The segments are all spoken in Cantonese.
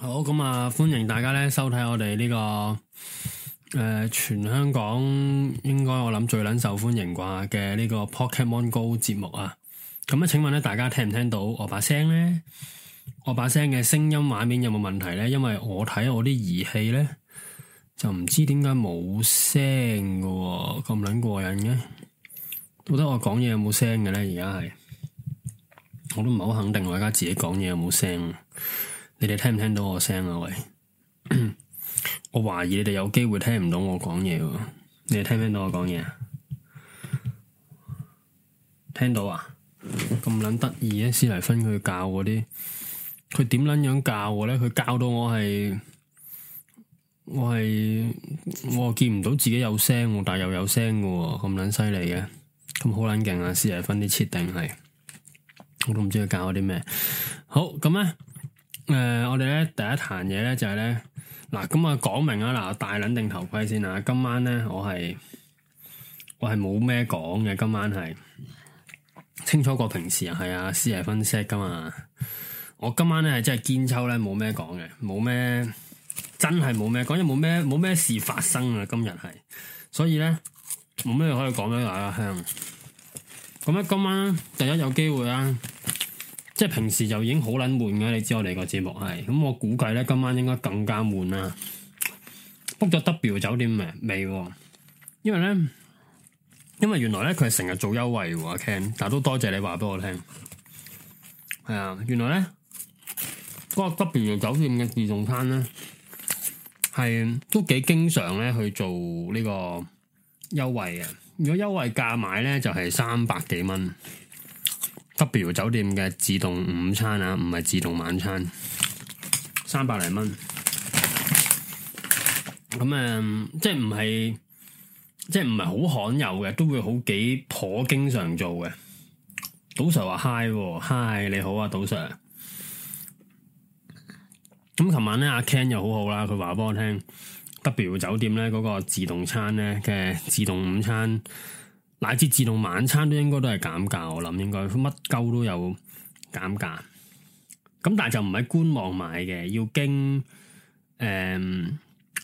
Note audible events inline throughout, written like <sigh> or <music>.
好咁啊！歡迎大家咧收睇我哋呢、這個誒、呃、全香港應該我諗最捻受歡迎啩嘅呢個 Pokemon Go 節目啊！咁、嗯、啊，請問咧大家聽唔聽到我把聲咧？我把聲嘅聲音畫面有冇問題咧？因為我睇我啲儀器咧就唔知點解冇聲噶，咁捻過癮嘅，到底我講嘢有冇聲嘅咧？而家係我都唔係好肯定我而家自己講嘢有冇聲。你哋聽唔聽到我聲啊？喂， <coughs> 我懷疑你哋有機會聽唔到我講嘢。你哋聽唔聽到我講嘢啊？聽到啊！咁撚得意啊！斯黎芬佢教嗰啲，佢點撚樣教嘅咧？佢教到我係，我係我又見唔到自己有聲，但係又有聲嘅，咁撚犀利嘅，咁好撚勁啊！斯黎芬啲設定係，我都唔知佢教啲咩。好咁咧。誒，我哋咧第一壇嘢咧就係咧，嗱咁啊講明啊，嗱戴撚定頭盔先啊！今晚咧我係我係冇咩講嘅，今晚係清楚過平時啊，係啊，私下分析噶嘛。我今晚咧係真係堅秋咧，冇咩講嘅，冇咩真係冇咩，講咗冇咩冇咩事發生啊！今日係，所以咧冇咩可以講咧啊香。咁啊，今晚第一有機會啦！即係平時就已經好捻悶嘅，你知我哋個節目係，咁我估計咧今晚應該更加悶啦。book 咗 W 酒店未？未。因為咧，因為原來咧佢係成日做優惠嘅，阿 Ken，但係都多謝你話俾我聽。係啊，原來咧嗰個 W 酒店嘅自助餐咧係都幾經常咧去做呢個優惠嘅，如果優惠價買咧就係三百幾蚊。W 酒店嘅自動午餐啊，唔係自動晚餐，三百零蚊。咁、嗯、誒，即係唔係，即係唔係好罕有嘅，都會好幾頗經常做嘅。杜 Sir 話嗨，嗨你好啊，杜 Sir。咁、嗯、琴晚咧，阿 Ken 又好好啦，佢話畀我聽 W 酒店咧嗰個自動餐咧嘅自動午餐。乃至自動晚餐應該都應該都係減價，我諗應該乜鳩都有減價。咁但係就唔係官網買嘅，要經誒、呃、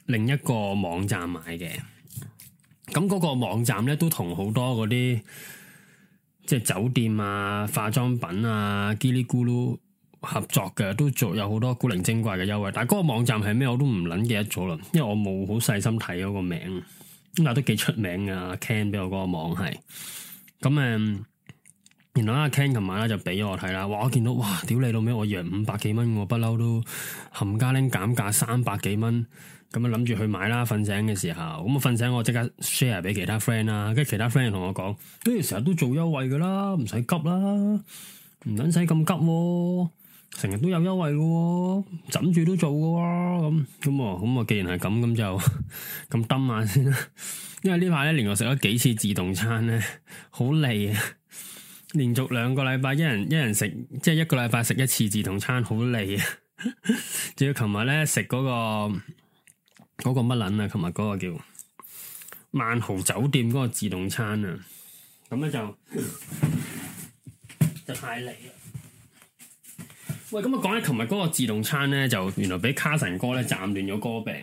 另一個網站買嘅。咁、嗯、嗰、那個網站咧都同好多嗰啲即係酒店啊、化妝品啊、嘰裏咕嚕合作嘅，都做有好多古靈精怪嘅優惠。但係嗰個網站係咩，我都唔捻記得咗啦，因為我冇好細心睇嗰個名。咁啊，都幾出名噶，Ken 俾我嗰個網係，咁誒，然後阿 Ken 琴晚咧就俾咗我睇啦，哇！我見到哇，屌你老味，我預五百幾蚊，我不嬲都冚家拎減價三百幾蚊，咁啊，諗住去買啦。瞓醒嘅時候，咁啊瞓醒，我即刻 share 俾其他 friend 啦，跟住其他 friend 同我講，跟住成日都做優惠噶啦，唔使急啦，唔撚使咁急。成日都有優惠嘅、啊，枕住都做嘅，咁咁啊，咁啊，既然係咁，咁就咁蹲 <laughs> 下先啦。 <laughs> 因為呢排咧，連續食咗幾次自動餐咧，好膩啊！ <laughs> 連續兩個禮拜，一人一人食，即、就、係、是、一個禮拜食一次自動餐，好膩啊！仲要琴日咧食嗰個嗰、嗰個乜捻啊？琴日嗰個叫萬豪酒店嗰個自動餐啊！咁 <laughs> 咧就就太膩啦。喂，咁啊講起，琴日嗰個自動餐咧，就原來俾卡神哥咧斬斷咗個病。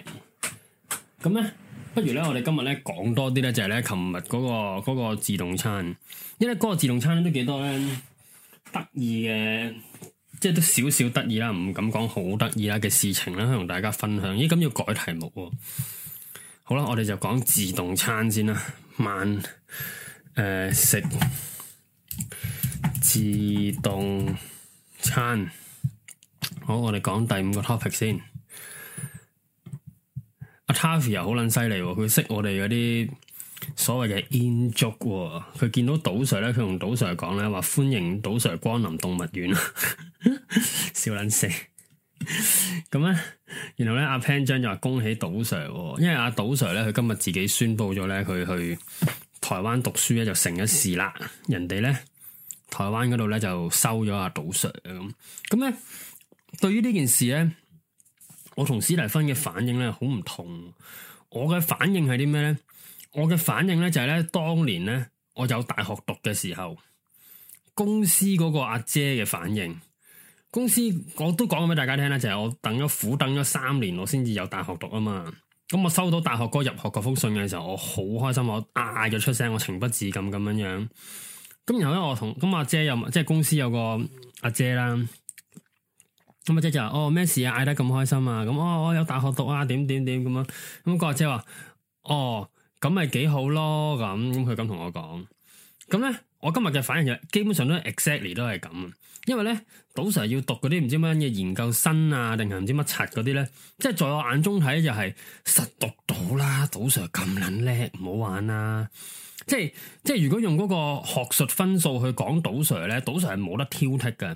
咁咧，不如咧，我哋今日咧講多啲咧，就係咧，琴日嗰個個自動餐，因為嗰個自動餐都幾多咧，得意嘅，即係都少少得意啦，唔敢講好得意啦嘅事情啦，同大家分享。咦，咁要改題目喎？好啦，我哋就講自動餐先啦，晚，誒、呃、食自動餐。好，我哋講第五個 topic 先。阿 Taffy 又好捻犀利，佢識我哋嗰啲所謂嘅 in joke。佢見到賭 Sir 咧，佢同賭 Sir 講咧，話歡迎賭 Sir 光臨動物園。笑捻 <laughs> 死咁咧， <laughs> 然後咧，阿 Pan 張就話恭喜賭 Sir，因為阿賭 Sir 咧，佢今日自己宣布咗咧，佢去台灣讀書咧，就成咗事啦。人哋咧，台灣嗰度咧就收咗阿賭 Sir 咁咁咧。對於呢件事咧，我同史蒂芬嘅反應咧好唔同。我嘅反應係啲咩咧？我嘅反應咧就係咧，當年咧我有大學讀嘅時候，公司嗰個阿姐嘅反應。公司我都講咗俾大家聽啦，就係我等咗苦等咗三年，我先至有大學讀啊嘛。咁我收到大學哥入學嗰封信嘅時候，我好開心，我嗌咗出聲，我情不自禁咁樣樣。咁然後咧，我同咁阿姐有即係公司有個阿姐啦。咁阿姐就話哦咩事啊，嗌得咁開心啊，咁哦我、哦、有大學讀啊，點點點咁樣,怎樣,怎樣，咁個阿姐話哦咁咪幾好咯，咁佢咁同我講，咁咧我今日嘅反應就基本上都係 exactly 都係咁，因為咧賭 Sir 要讀嗰啲唔知乜嘢研究生啊，定係唔知乜柒嗰啲咧，即係在我眼中睇就係、是、實讀到啦，賭 Sir 咁撚叻唔好玩啊，即係即係如果用嗰個學術分數去講賭 Sir 咧，賭 Sir 係冇得挑剔嘅。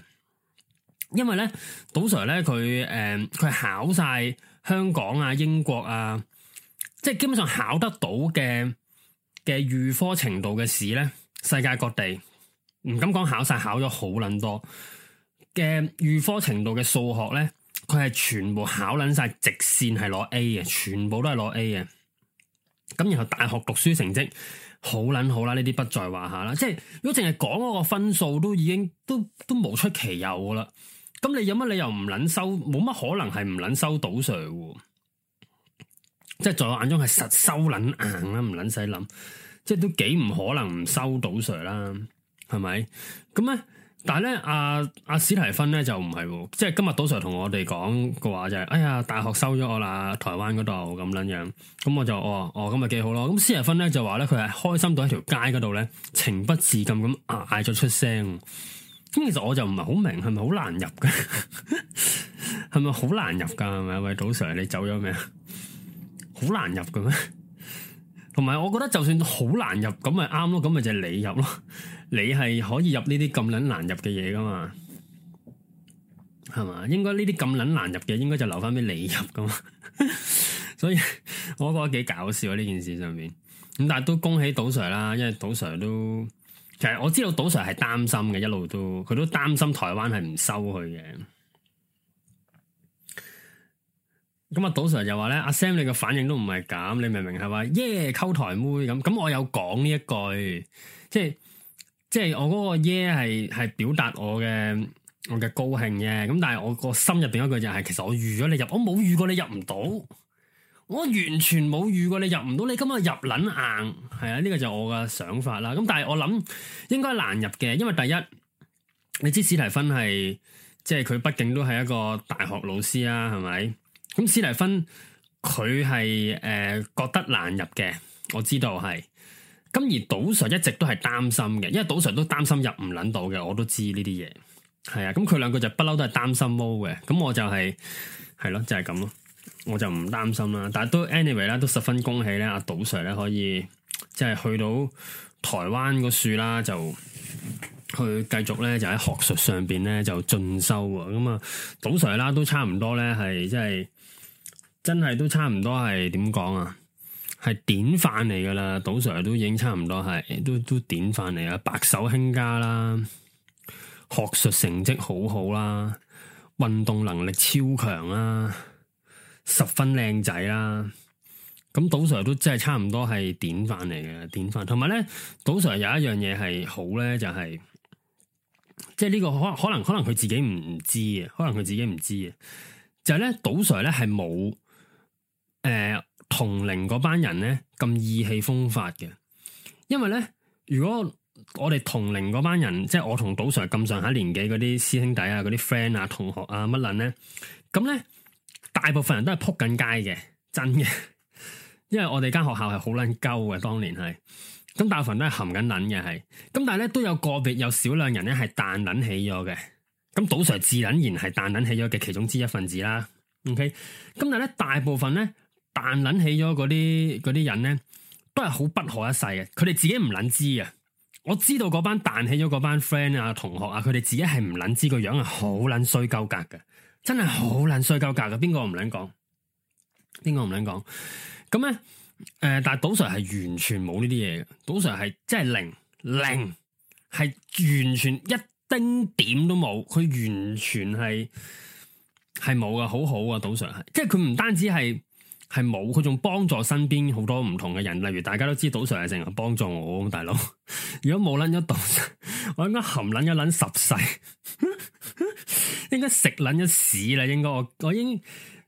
因為咧，杜 Sir 咧佢誒佢考晒香港啊、英國啊，即係基本上考得到嘅嘅預科程度嘅試咧，世界各地唔敢講考晒，考咗好撚多嘅預科程度嘅數學咧，佢係全部考撚晒直線係攞 A 嘅，全部都係攞 A 嘅。咁然後大學讀書成績好撚好啦，呢啲不在話下啦。即係如果淨係講嗰個分數，都已經都都無出其右噶啦。咁你有乜理由唔捻收？冇乜可能係唔捻收到 Sir，即係在我眼中係實收捻硬啦，唔捻使諗，即係都幾唔可能唔收到 Sir 啦，係咪？咁咧，但係咧，阿阿史提芬咧就唔係，即係今日，賭 Sir 同我哋講嘅話就係，哎呀，大學收咗我啦，台灣嗰度咁樣樣，咁我就哦，哦，咁咪幾好咯。咁史提芬咧就話咧，佢係開心到喺條街嗰度咧，情不自禁咁嗌咗出聲。咁其實我就唔係好明，係咪好難入嘅？係咪好難入噶？係咪？喂，賭 Sir，你走咗未啊？好難入嘅咩？同埋，我覺得就算好難入，咁咪啱咯，咁咪就係你入咯。你係可以入呢啲咁撚難入嘅嘢噶嘛？係嘛？應該呢啲咁撚難入嘅，應該就留翻俾你入噶嘛？所以我覺得幾搞笑喎呢件事上面。咁但係都恭喜賭 Sir 啦，因為賭 Sir 都。其實我知道賭 Sir 係擔心嘅，一路都佢都擔心台灣係唔收佢嘅。咁啊，賭 Sir 就話咧，阿 Sam 你個反應都唔係咁，你明唔明係嘛？耶，溝台妹咁，咁我有講呢一句，即係即係我嗰個耶係係表達我嘅我嘅高興嘅。咁但係我個心入邊一句就係，其實我預咗你入，我冇預過你入唔到。我完全冇遇過你入唔到，你今日入撚硬，係啊？呢、這個就我嘅想法啦。咁但係我諗應該難入嘅，因為第一你知史提芬係，即係佢畢竟都係一個大學老師啊，係咪？咁史提芬佢係誒覺得難入嘅，我知道係。咁而杜 Sir 一直都係擔心嘅，因為杜 Sir 都擔心入唔捻到嘅，我都知呢啲嘢係啊。咁佢兩個就不嬲都係擔心踎嘅，咁我就係係咯，就係咁咯。我就唔擔心啦，但係都 anyway 啦，都十分恭喜咧、啊，阿賭 Sir 咧可以即係去到台灣個樹啦，就去繼續咧就喺學術上邊咧就進修喎。咁啊，賭 Sir 啦都差唔多咧，係即係真係都差唔多係點講啊？係典範嚟㗎啦，賭 Sir 都已經差唔多係都都典範嚟啦，白手興家啦，學術成績好好啦，運動能力超強啦。十分靚仔啦，咁賭 Sir 都真係差唔多係典範嚟嘅，典範。同埋咧，賭 Sir 有一樣嘢係好咧，就係即係呢個可可能可能佢自己唔知嘅，可能佢自己唔知嘅，就係咧賭 Sir 咧係冇誒同齡嗰班人咧咁意氣風發嘅，因為咧如果我哋同齡嗰班人，即係我同賭 Sir 咁上下年紀嗰啲師兄弟啊、嗰啲 friend 啊、同學啊乜捻咧，咁咧。大部分人都係撲緊街嘅，真嘅， <laughs> 因為我哋間學校係好撚鳩嘅，當年係，咁大部分都係含緊撚嘅，係，咁但係咧都有個別有少量人咧係彈撚起咗嘅，咁賭 Sir 自撚然係彈撚起咗嘅其中之一份子啦，OK，咁但係咧大部分咧彈撚起咗嗰啲嗰啲人咧都係好不可一世嘅，佢哋自己唔撚知啊！我知道嗰班彈起咗嗰班 friend 啊同學啊，佢哋自己係唔撚知個樣係好撚衰鳩格嘅。真係好難瞓夠覺嘅，邊個唔撚講？邊個唔撚講？咁咧，誒、呃，但係賭場係完全冇呢啲嘢嘅，賭場係即係零零係完全一丁點都冇，佢完全係係冇嘅，好好嘅賭場係，即係佢唔單止係。係冇，佢仲幫助身邊好多唔同嘅人，例如大家都知賭 Sir 係成日幫助我，大佬。 <laughs> 如果冇捻一賭，我應該含捻一捻十世， <laughs> 應該食捻一屎啦。應該我我已經，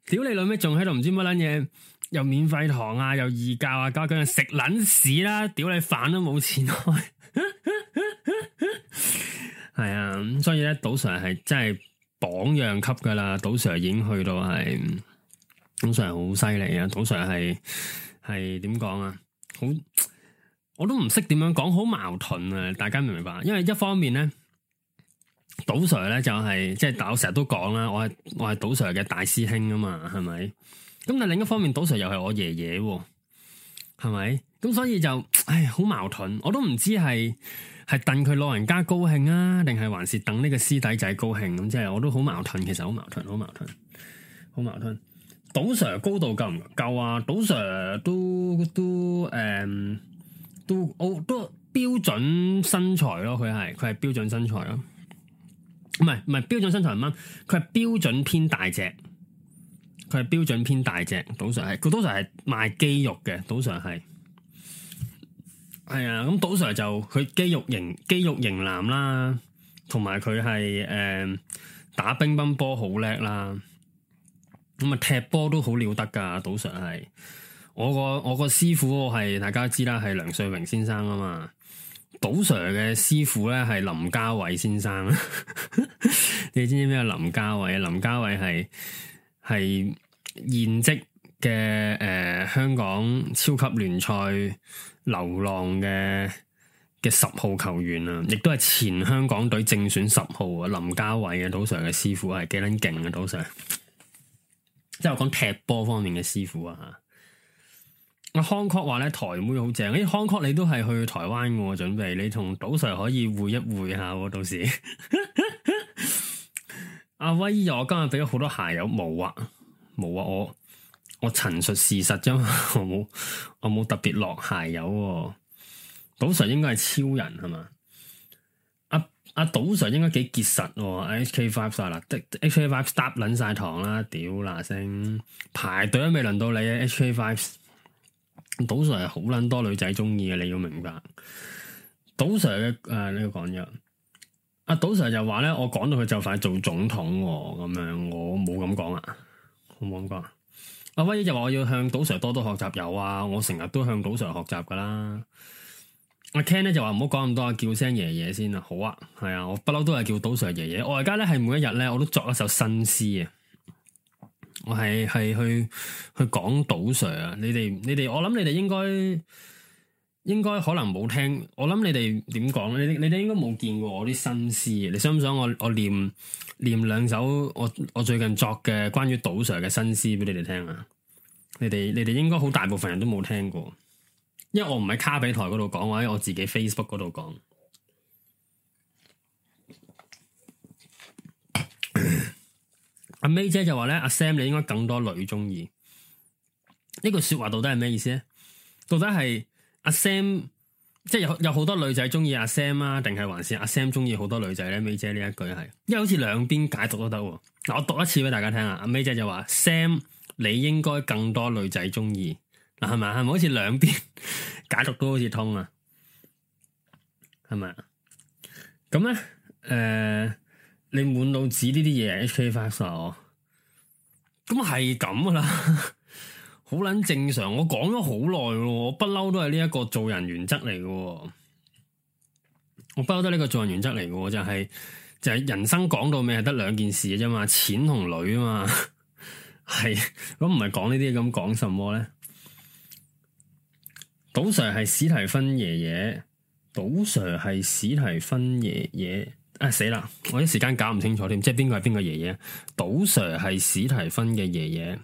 屌你老咩？仲喺度唔知乜捻嘢，又免費堂啊，又義教啊，搞緊食捻屎啦，啊，屌你，飯都冇錢開。係啊，咁、 <laughs> 啊、所以咧，賭 Sir 係真係榜樣級噶啦，賭 Sir 已經去到係。賭 Sir 好犀利啊！賭 Sir 係係點講啊？好我都唔識點樣講，好矛盾啊！大家明唔明白？因為一方面咧，賭 Sir 咧就係即係我成日都講啦，我我係賭 Sir 嘅大師兄啊嘛，係咪？咁但另一方面，賭 Sir 又係我爺爺啊，係咪？咁所以就唉，好矛盾，我都唔知係係等佢老人家高興啊，定係還是等呢個師弟仔高興咁？即係我都好矛盾，其實好矛盾，好矛盾，好矛盾。賭 Sir 高度夠唔夠啊？賭 Sir 都都誒，都、嗯都，哦、都標準身材咯。佢係佢係標準身材咯，唔係唔係標準身材唔啱。佢係標準偏大隻，佢係標準偏大隻。賭 Sir 係，佢賭 Sir 係賣肌肉嘅。賭 Sir 係，係啊。咁賭 Sir 就佢肌肉型，肌肉型男啦，同埋佢係誒打乒乓波好叻啦。咁啊！踢波都好了得噶賭 Sir 係我個我個師傅我，我係大家都知啦，係梁瑞榮先生啊嘛。賭 Sir 嘅師傅咧係林家偉先生， <laughs> 你知唔知咩林家偉啊？林家偉係係現職嘅誒、呃，香港超級聯賽流浪嘅嘅十號球員啊，亦都係前香港隊正選十號啊。林家偉嘅賭 Sir 嘅師傅係幾撚勁啊，賭 Sir。即係我講踢波方面嘅師傅啊！阿康確話咧，台妹好正，康、欸、確你都係去台灣㗎，準備你同賭 Sir 可以會一會下，到時阿、 <laughs> 啊、威我今日俾咗好多鞋油，冇啊冇啊，我我陳述事實啫嘛，我冇我冇特別落鞋油、啊，賭 Sir 應該係超人係嘛。阿賭、啊、Sir 應該幾結實喎，HK Five 啦，得 HK Five 耷捻晒糖啦，屌嗱聲，排隊都未輪到你啊，HK Five，賭 Sir 係好捻多女仔中意嘅住、哎呀，era，你要明白，賭 Sir 嘅誒呢個講咗，阿賭 Sir 就話咧，A S，嗯、mismo, people，我講到佢就快做總統，咁樣我冇咁講好冇咁講，阿威就話我要向賭 Sir 多多學習，有啊，我成日都向賭 Sir 學習㗎啦。我 Ken 咧就話唔好講咁多，叫聲爺爺先啦。好啊，係啊，我不嬲都係叫賭 Sir 爺爺。我而家咧係每一日咧，我都作一首新詩啊。我係係去去講賭 Sir 啊。你哋你哋，我諗你哋應該應該可能冇聽。我諗你哋點講咧？你哋應該冇見過我啲新詩。你想唔想我我念念兩首我我最近作嘅關於賭 Sir 嘅新詩俾你哋聽啊？你哋你哋應該好大部分人都冇聽過。因為我唔喺卡比台嗰度講，或者我,我自己 Facebook 嗰度講。阿 <coughs> May 姐就話咧：阿 Sam 你應該更多女中意。呢句說話到底係咩意思咧？到底係阿 Sam 即係有有好多女仔中意阿 Sam 啊？定係還是阿 Sam 中意好多女仔咧？May 姐呢一句係，因為好似兩邊解讀都得。我讀一次俾大家聽啊！阿 May 姐就話：Sam 你應該更多女仔中意。嗱係咪係咪好似兩邊解讀都好似通啊？係咪啊？咁咧，誒、呃，你滿腦子呢啲嘢，HK 發燒，咁係咁噶啦，好 <laughs> 捻正常。我講咗好耐咯，我不嬲都係呢一個做人原則嚟嘅。我不嬲都係呢個做人原則嚟嘅，就係、是、就係、是、人生講到尾係得兩件事嘅啫嘛，錢同女啊嘛。係咁唔係講呢啲咁講什麼咧？賭 Sir 係史提芬爺爺，賭 Sir 係史提芬爺爺，啊死啦！我一時間搞唔清楚添，即係邊個係邊個爺爺啊？賭 Sir 係史提芬嘅爺爺，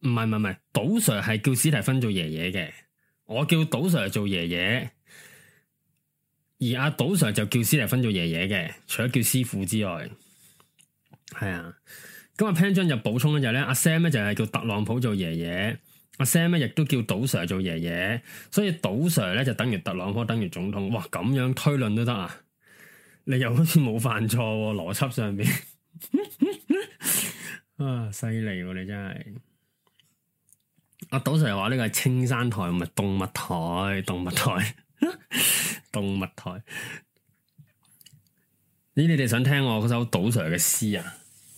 唔係唔係唔係，賭 Sir 係叫史提芬做爺爺嘅，我叫賭 Sir 做爺爺，而阿賭 Sir 就叫史提芬做爺爺嘅，除咗叫師傅之外，係啊。今日 Pan Jun 又補充咧就係、是、咧，阿 Sam 咧就係叫特朗普做爺爺。阿 Sam 咧亦都叫賭 Sir 做爺爺，所以賭 Sir 咧就等於特朗普，等於總統。哇，咁樣推論都得啊？你又好似冇犯錯、哦、邏輯上邊 <laughs> 啊，犀利喎！你真係阿賭 Sir 話呢個係青山台，唔係動物台，動物台， <laughs> 動物台。咦？你哋想聽我嗰首賭 Sir 嘅詩啊？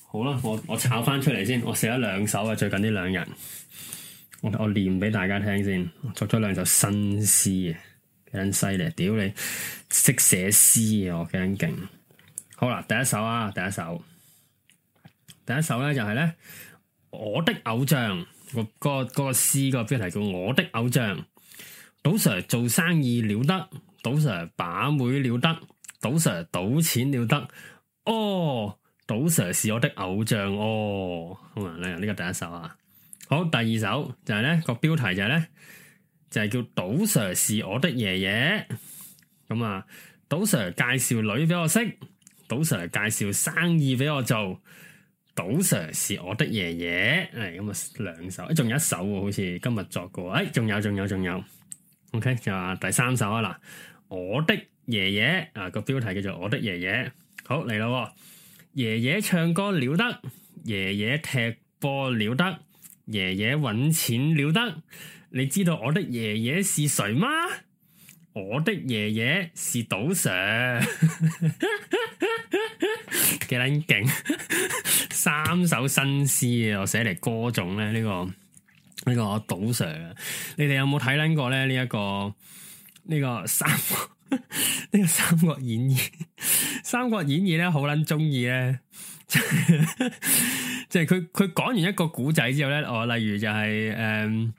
好啦，我我抄翻出嚟先。我寫咗兩首啊，最近呢兩日。我念俾大家聽先，作咗兩首新詩啊，幾撚犀利！屌你識寫詩啊，我幾撚勁！好啦，第一首啊，第一首，第一首咧就係、是、咧，我的偶像，我嗰、那個嗰、那個詩嗰標題叫我的偶像。賭 Sir 做生意了得，賭 Sir 把妹了得，賭 Sir 賭錢了得，哦，賭 Sir 是我的偶像哦。好啦、啊，呢個第一首啊。好，第二首就係咧個標題就係咧，就係叫賭 Sir 是我的爺爺。咁啊，賭 Sir 介紹女俾我識，賭 Sir 介紹生意俾我做。賭 Sir 是我的爺爺，誒，咁啊兩首，誒，仲有一首喎，好似今日作過，誒，仲有，仲有，仲有。OK，就話第三首啊嗱，我的爺爺啊個標題叫做我的爺爺。好嚟啦，爺爺唱歌了得，爺爺踢波了得。爺爺搵錢了得，你知道我的爺爺是誰嗎？我的爺爺是賭 Sir，幾捻勁？ <laughs> <laughs> 三首新詩啊，我寫嚟歌頌咧呢、這個呢、這個我賭 Sir 啊，你哋有冇睇捻過咧呢一、這個呢、這個三呢 <laughs> 個三國演義？三國演義咧好捻中意咧。即係，佢佢講完一個古仔之後咧，我例如就係誒誒，趙、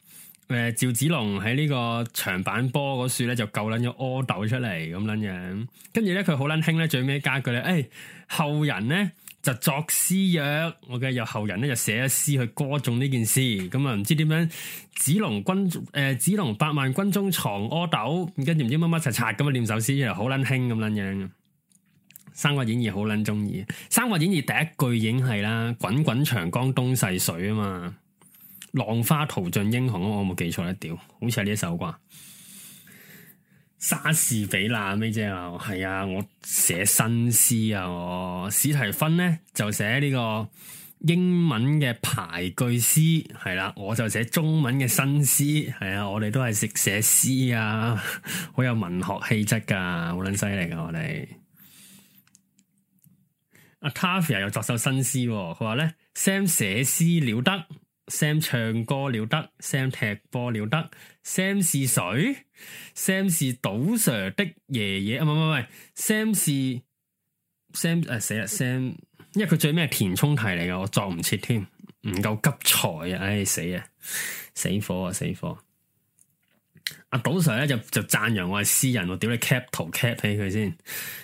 呃、子龍喺呢個長坂坡嗰處咧，就救捻咗阿斗出嚟咁捻樣，跟住咧佢好捻興咧，最尾加句咧，誒後人咧就作詩約，我嘅又後人咧就寫詩去歌頌呢件事，咁啊唔知點樣、呃、樣，樣子龍軍誒子龍百萬軍中藏阿斗，跟住唔知乜乜一拆咁啊念首詩，好捻興咁捻樣。三國演義好捻鍾意。三國演義第一句已經係啦，滾滾長江東逝水啊嘛，浪花淘盡英雄。我冇記錯得屌，好似係呢一首啩。莎士比亞咩啫？係啊，我寫新詩啊。我史提芬呢，就寫呢個英文嘅排句詩，係啦、啊，我就寫中文嘅新詩。係啊，我哋都係識寫詩啊，好有文學氣質噶，好捻犀利噶，我哋。阿 Taffy 又作首新詩，佢話咧 Sam 寫詩了得，Sam 唱歌了得，Sam 踢波了得，Sam 是誰？Sam 是賭 Sir 的爺爺，唔唔唔，Sam 是 Sam 誒、啊、死啦 Sam，因為佢最尾係填充題嚟嘅，我作唔切添，唔夠急才啊，唉死啊，死火啊，死火！阿賭、啊、Sir 咧就就讚揚我係私人，我屌你 cap 圖 cap 俾佢先，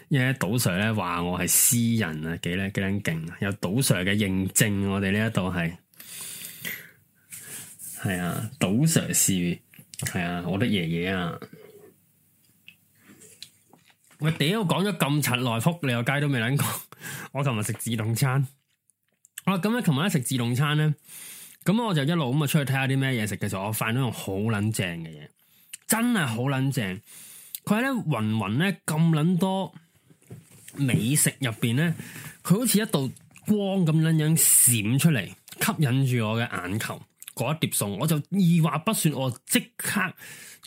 因為賭 Sir 咧話我係私人啊，幾叻幾靚勁啊，有賭 Sir 嘅認證，我哋呢一度係係啊，賭 Sir 是係啊，我的爺爺啊，啊我屌，我講咗咁柒來福，你又街都未撚講，我琴日食自動餐，好我咁咧，琴日咧食自動餐咧，咁我就一路咁啊出去睇下啲咩嘢食嘅時候，我發現咗好撚正嘅嘢。真係好撚正，佢咧云云咧咁撚多美食入邊咧，佢好似一道光咁撚樣閃出嚟，吸引住我嘅眼球。嗰一碟餸，我就二話不說，我即刻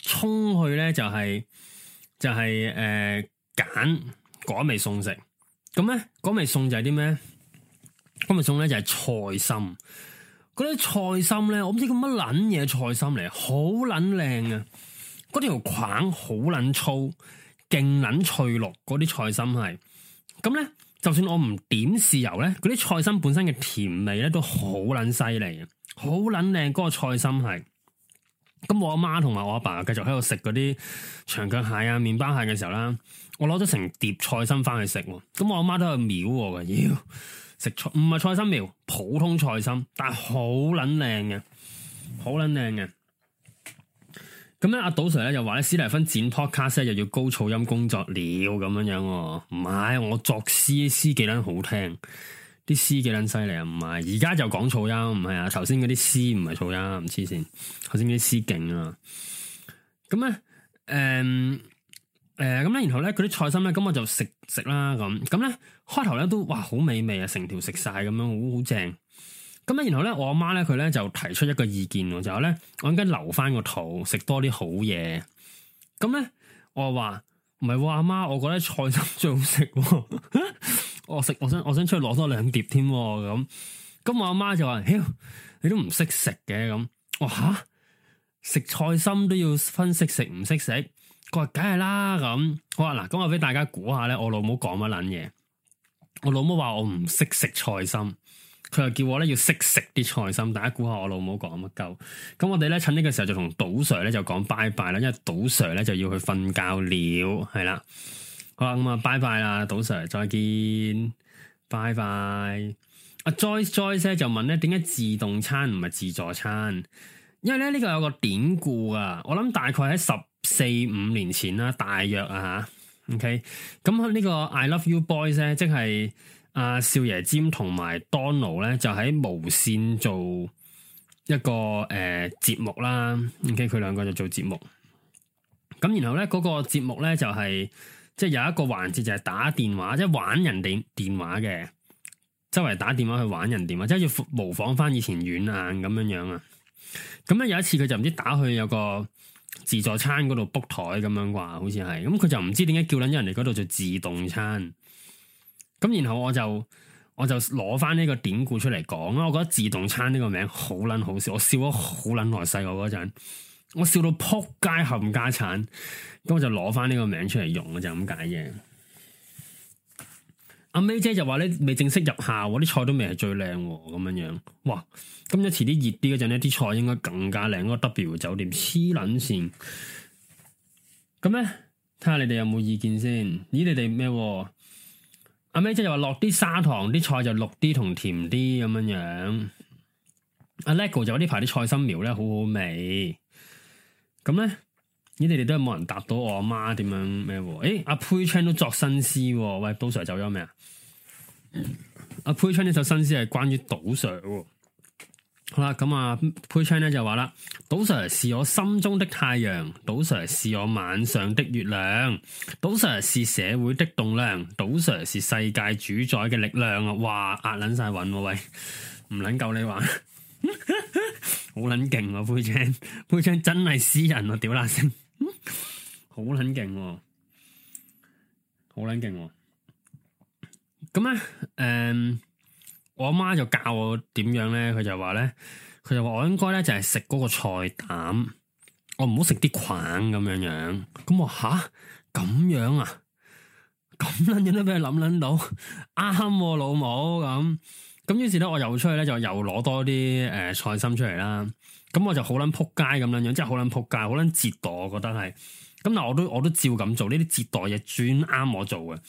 衝去咧就係就係誒揀嗰味餸食。咁咧嗰味餸就係啲咩咧？嗰味餸咧就係菜心。嗰啲菜心咧，我唔知佢乜撚嘢菜心嚟，好撚靚啊！嗰條棒好撚粗，勁撚脆落，嗰啲菜心係，咁咧就算我唔點豉油咧，嗰啲菜心本身嘅甜味咧都好撚犀利，好撚靚嗰個菜心係。咁我阿媽同埋我阿爸繼續喺度食嗰啲長腳蟹啊、麵包蟹嘅時候啦，我攞咗成碟菜心翻去食，咁我阿媽都係苗噶，要食菜唔係菜心苗，普通菜心，但係好撚靚嘅，好撚靚嘅。咁咧，阿賭 Sir 咧就話咧，史蒂芬剪 podcast 咧又要高噪音工作了咁樣樣，啊，唔係我作詩詩幾捻好聽，啲詩幾捻犀利啊，唔係而家就講噪音，唔係啊，頭先嗰啲詩唔係噪音，唔黐線，頭先啲詩勁啊，咁咧，誒、嗯，誒，咁咧，然後咧，佢啲菜心咧，咁我就食食啦，咁，咁咧，開頭咧都哇好美味啊，成條食晒咁樣，好好正。咁然後咧，我阿媽咧，佢咧就提出一個意見，就係咧，我應該留翻個肚，食多啲好嘢。咁咧，我話唔係，我阿媽，我覺得菜心最好食。 <laughs> 我食，我想，我想出去攞多兩碟添。咁，咁我阿媽就話：，hey, 你都唔識食嘅咁。我吓，食菜心都要分析食唔識食。佢話：，梗係啦。咁，好喇嗱，咁我俾大家估下咧，我老母講乜撚嘢？我老母話我唔識食菜心。佢又叫我咧要識食啲菜心，大家估下我老母講乜鳩？咁我哋咧趁呢個時候就同賭 Sir 咧就講拜拜啦，因為賭 Sir 咧就要去瞓覺了，係啦。好啦，咁啊拜拜啦，賭 Sir 再見，拜拜。阿 Joy Joy 咧就問咧點解自動餐唔係自助餐？因為咧呢個有個典故啊，我諗大概喺十四五年前啦，大約啊吓。OK，咁呢個 I Love You Boys 咧，即係。阿少爺占同埋 Donald 咧就喺無線做一個誒、呃、節目啦，OK 佢兩個就做節目，咁然後咧嗰、那個節目咧就係即係有一個環節就係打電話，即、就、係、是、玩人哋電話嘅，周圍打電話去玩人電話，即、就、係、是、要模仿翻以前軟硬咁樣樣啊。咁咧有一次佢就唔知打去有個自助餐嗰度 book 檯咁樣啩，好似係，咁佢就唔知點解叫捻人哋嗰度做自動餐。咁然後我就我就攞翻呢個典故出嚟講啦，我覺得自動餐呢個名好捻好笑，我笑咗好捻耐，細個嗰陣我笑到撲街冚家鏟，咁我，我就攞翻呢個名出嚟用，我就咁解嘅。阿 May 姐就話咧未正式入校，啲菜都未係最靚，咁樣樣，哇！今日遲啲熱啲嗰陣咧，啲菜應該更加靚。嗰個 W 酒店黐捻線，咁咧睇下你哋有冇意見先？咦，你哋咩？阿妹即係話落啲砂糖，啲菜就綠啲同甜啲咁樣樣。阿 lego 就話呢排啲菜心苗咧好好味。咁咧，你哋都係冇人答到我阿媽點樣咩？誒，阿 Pui Chan 都作新詩，喂，島 Sir 走咗咩？嗯、啊？阿 Pui Chan 呢首新詩係關於島 Sir。好啦，咁啊，杯昌咧就話啦，賭 Sir 是我心中的太陽，賭 Sir 是我晚上的月亮，賭 Sir 是社會的棟梁，賭 Sir 是世界主宰嘅力量啊！哇，壓捻晒韻喎喂，唔捻夠你玩， <laughs> <laughs> 好捻勁啊，杯昌！杯昌真係詩人啊，屌啦聲、 <laughs> 啊，好捻勁喎，好捻勁喎，咁啊，誒、 <laughs> 啊。嗯我阿媽就教我點樣咧，佢就話咧，佢就話我應該咧就係食嗰個菜膽，我唔好食啲菌咁樣樣。咁我吓咁樣啊，咁捻樣都俾佢諗捻到，啱、 <laughs> 啊、老母咁。咁於是咧，我又出去咧就又攞多啲誒、呃、菜心出嚟啦。咁、嗯、我就好捻撲街咁樣樣，即係好捻撲街，好捻折墮，我覺得係。咁嗱，我都我都照咁做，呢啲折墮嘢專啱我做嘅。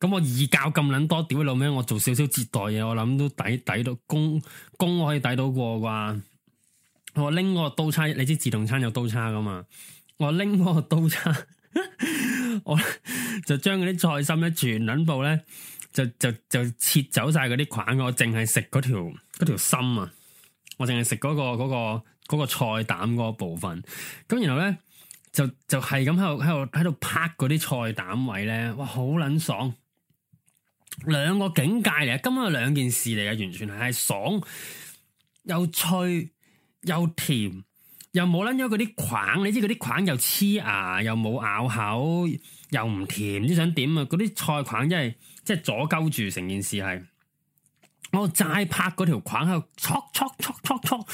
咁我二教咁撚多屌老咩？我做少少接待嘢，我諗都抵抵到公我可以抵到過啩。我拎個刀叉，你知自動餐有刀叉噶嘛？我拎嗰個刀叉， <laughs> 我就將嗰啲菜心咧，全撚部咧，就就就切走晒嗰啲菌。我淨係食嗰條條心啊！我淨係食嗰個、嗰個、嗰個菜膽嗰個部分。咁然後咧，就就係咁喺度喺度喺度拍嗰啲菜膽位咧，哇！好撚爽。兩個境界嚟，今日兩件事嚟嘅，完全係爽又脆又甜，又冇捻咗嗰啲菌，你知嗰啲菌又黐牙，又冇咬口，又唔甜，唔知想點啊！嗰啲菜菌真係即係阻鳩住成件事係，我齋拍嗰條菌喺度，戳戳戳戳戳，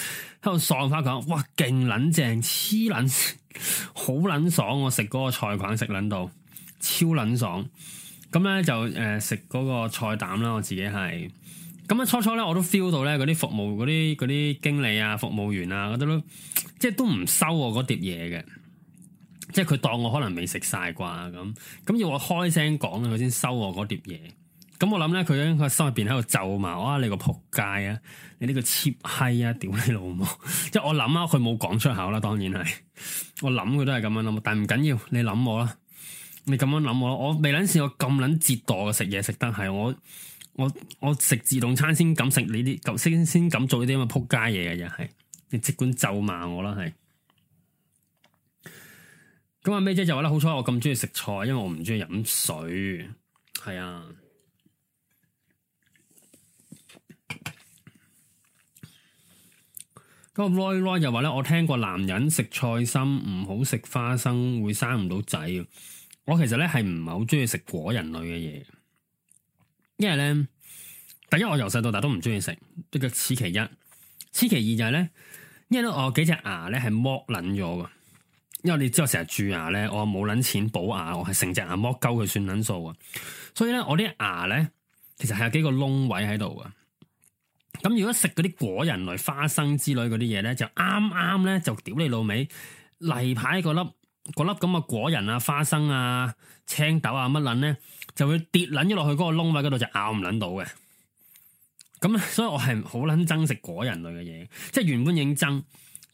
喺度爽翻講，哇，勁撚正，黐撚，好撚爽！我食嗰個菜菌食撚到，超撚爽。咁咧、嗯、就誒食嗰個菜膽啦，我自己係咁啊。初初咧我都 feel 到咧嗰啲服務，嗰啲嗰啲經理啊、服務員啊嗰啲都即係都唔收我嗰碟嘢嘅，即係佢當我可能未食晒啩咁，咁要我開聲講佢先收我嗰碟嘢。咁、嗯、我諗咧，佢喺佢心入邊喺度咒嘛，哇，你個仆街啊，你呢個 cheap 閪啊，啊，屌你老母！即係我諗啊，佢冇講出口啦，當然係，我諗佢都係咁樣諗，但唔緊要，要，你諗我啦。你咁樣諗我，我未撚試過我咁撚折墮嘅食嘢食得係，我我我食自動餐先敢食呢啲，先先敢做呢啲咁嘅扑街嘢嘅，又係你即管咒罵我啦，係。咁阿 May 姐就話咧，好彩我咁中意食菜，因為我唔中意飲水，係啊。咁、那個、Roy Roy 又話咧，我聽過男人食菜心唔好食花生會生唔到仔。我其實咧係唔係好中意食果仁類嘅嘢，因為咧，第一我由細到大都唔中意食。呢個此其一，此其二就係咧，因為咧我幾隻牙咧係剝捻咗嘅，因為你知道成日蛀牙咧，我冇捻錢補牙，我係成隻牙剝鳩佢算捻數啊，所以咧我啲牙咧其實係有幾個窿位喺度啊。咁如果食嗰啲果仁類、花生之類嗰啲嘢咧，就啱啱咧就屌你老味，例牌個粒。嗰粒咁嘅果仁啊、花生啊、青豆啊乜卵咧，就會跌卵咗落去嗰個窿位嗰度就咬唔卵到嘅。咁所以我係好卵憎食果仁類嘅嘢，即係原本已經憎，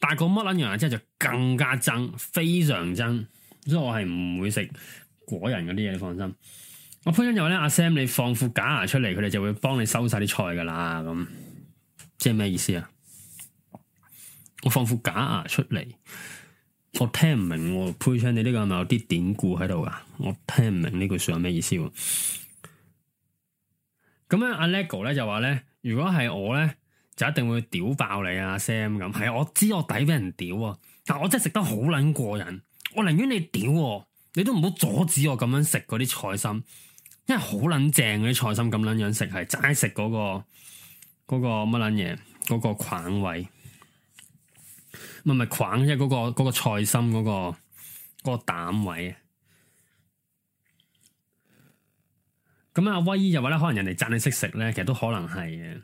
但係個乜卵完之後就更加憎，非常憎。所以我係唔會食果仁嗰啲嘢，你放心。我潘生就話咧，阿、啊、Sam 你放副假牙出嚟，佢哋就會幫你收晒啲菜噶啦咁。即係咩意思啊？我放副假牙出嚟。我聽唔明 p u s 你呢個係咪有啲典故喺度啊？我聽唔明呢句說話咩意思？咁樣阿、啊、l e g o 咧就話咧，如果係我咧，就一定會屌爆你啊 Sam 咁。係我知我抵俾人屌啊，但我真係食得好卵過癮。我寧願你屌，我，你都唔好阻止我咁樣食嗰啲菜心，因為好卵正嗰啲菜心咁撚樣食，係齋食嗰個嗰、那個乜卵嘢，嗰、那個菌位。咪咪，唔滾，即係嗰個菜心嗰、嗰個嗰、嗰個、膽位啊！咁阿威姨就話咧，可能人哋讚你識食咧，其實都可能係嘅。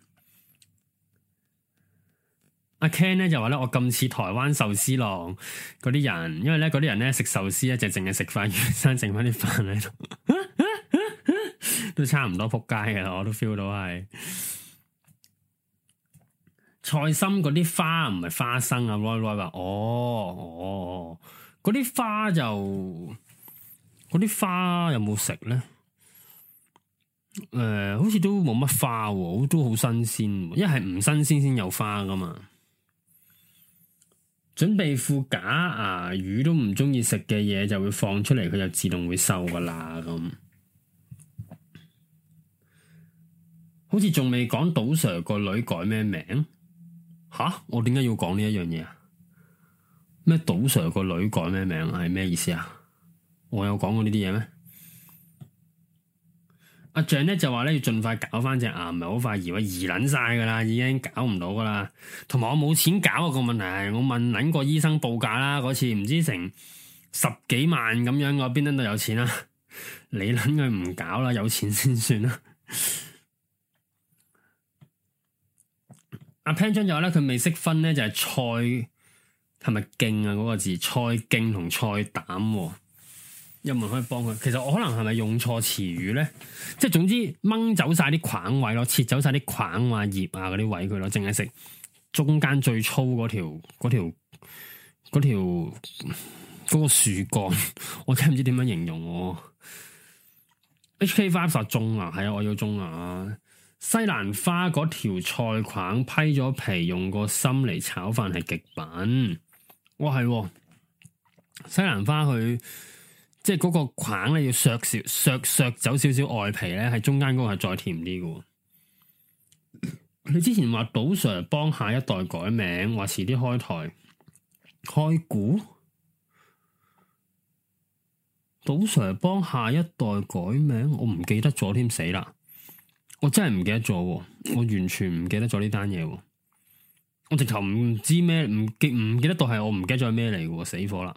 阿 Ken 咧就話咧，我咁似台灣壽司郎嗰啲人，因為咧嗰啲人咧食壽司咧就淨係食塊魚生，剩翻啲飯喺度， <laughs> 都差唔多撲街嘅啦，我都 feel 到係。菜心嗰啲花唔係花生啊，我話。哦哦，嗰啲花就嗰啲花有冇食咧？誒，好似都冇乜花喎，都好新鮮，一係唔新鮮先有花噶嘛。準備副假牙，魚都唔中意食嘅嘢就會放出嚟，佢就自動會瘦噶啦。咁，好似仲未講賭 Sir 個女改咩名？吓、啊！我點解要講呢一樣嘢啊？咩賭 Sir 個女改咩名係咩意思啊？我有講過呢啲嘢咩？阿象咧就話咧要盡快搞翻隻牙，唔係好快移，移捻晒噶啦，已經搞唔到噶啦。同埋我冇錢搞啊、個問題係，我問諗個醫生報價啦嗰次，唔知成十幾萬咁樣個，邊都有錢啦、啊？你諗佢唔搞啦，有錢先算啦、啊。阿 Pan 章就話咧，佢、啊、en 未識分咧，就係、是、菜係咪莖啊嗰、那個字，菜莖同菜膽、哦，有冇人可以幫佢？其實我可能係咪用錯詞語咧？即係總之掹走晒啲菌位咯，切走晒啲菌啊葉啊嗰啲位佢咯，淨係食中間最粗嗰條嗰條嗰條嗰個樹幹， <laughs> 我真係唔知點樣形容我。 <music> HK Five 殺中啦、啊，係啊，我要中啊！西蘭花嗰條菜梗批咗皮，用個心嚟炒飯係極品。哇係西蘭花，佢即係嗰個梗咧，要削少削削走少少外皮咧，喺中間嗰個係再甜啲嘅。 <coughs> 你之前話賭 Sir 幫下一代改名，話遲啲開台開估，賭 Sir 幫下一代改名，我唔記得咗添，死啦。我真係唔記得咗，我完全唔記得咗呢單嘢，我直頭唔知咩，唔記唔記得到係我唔記得咗咩嚟嘅，死火啦！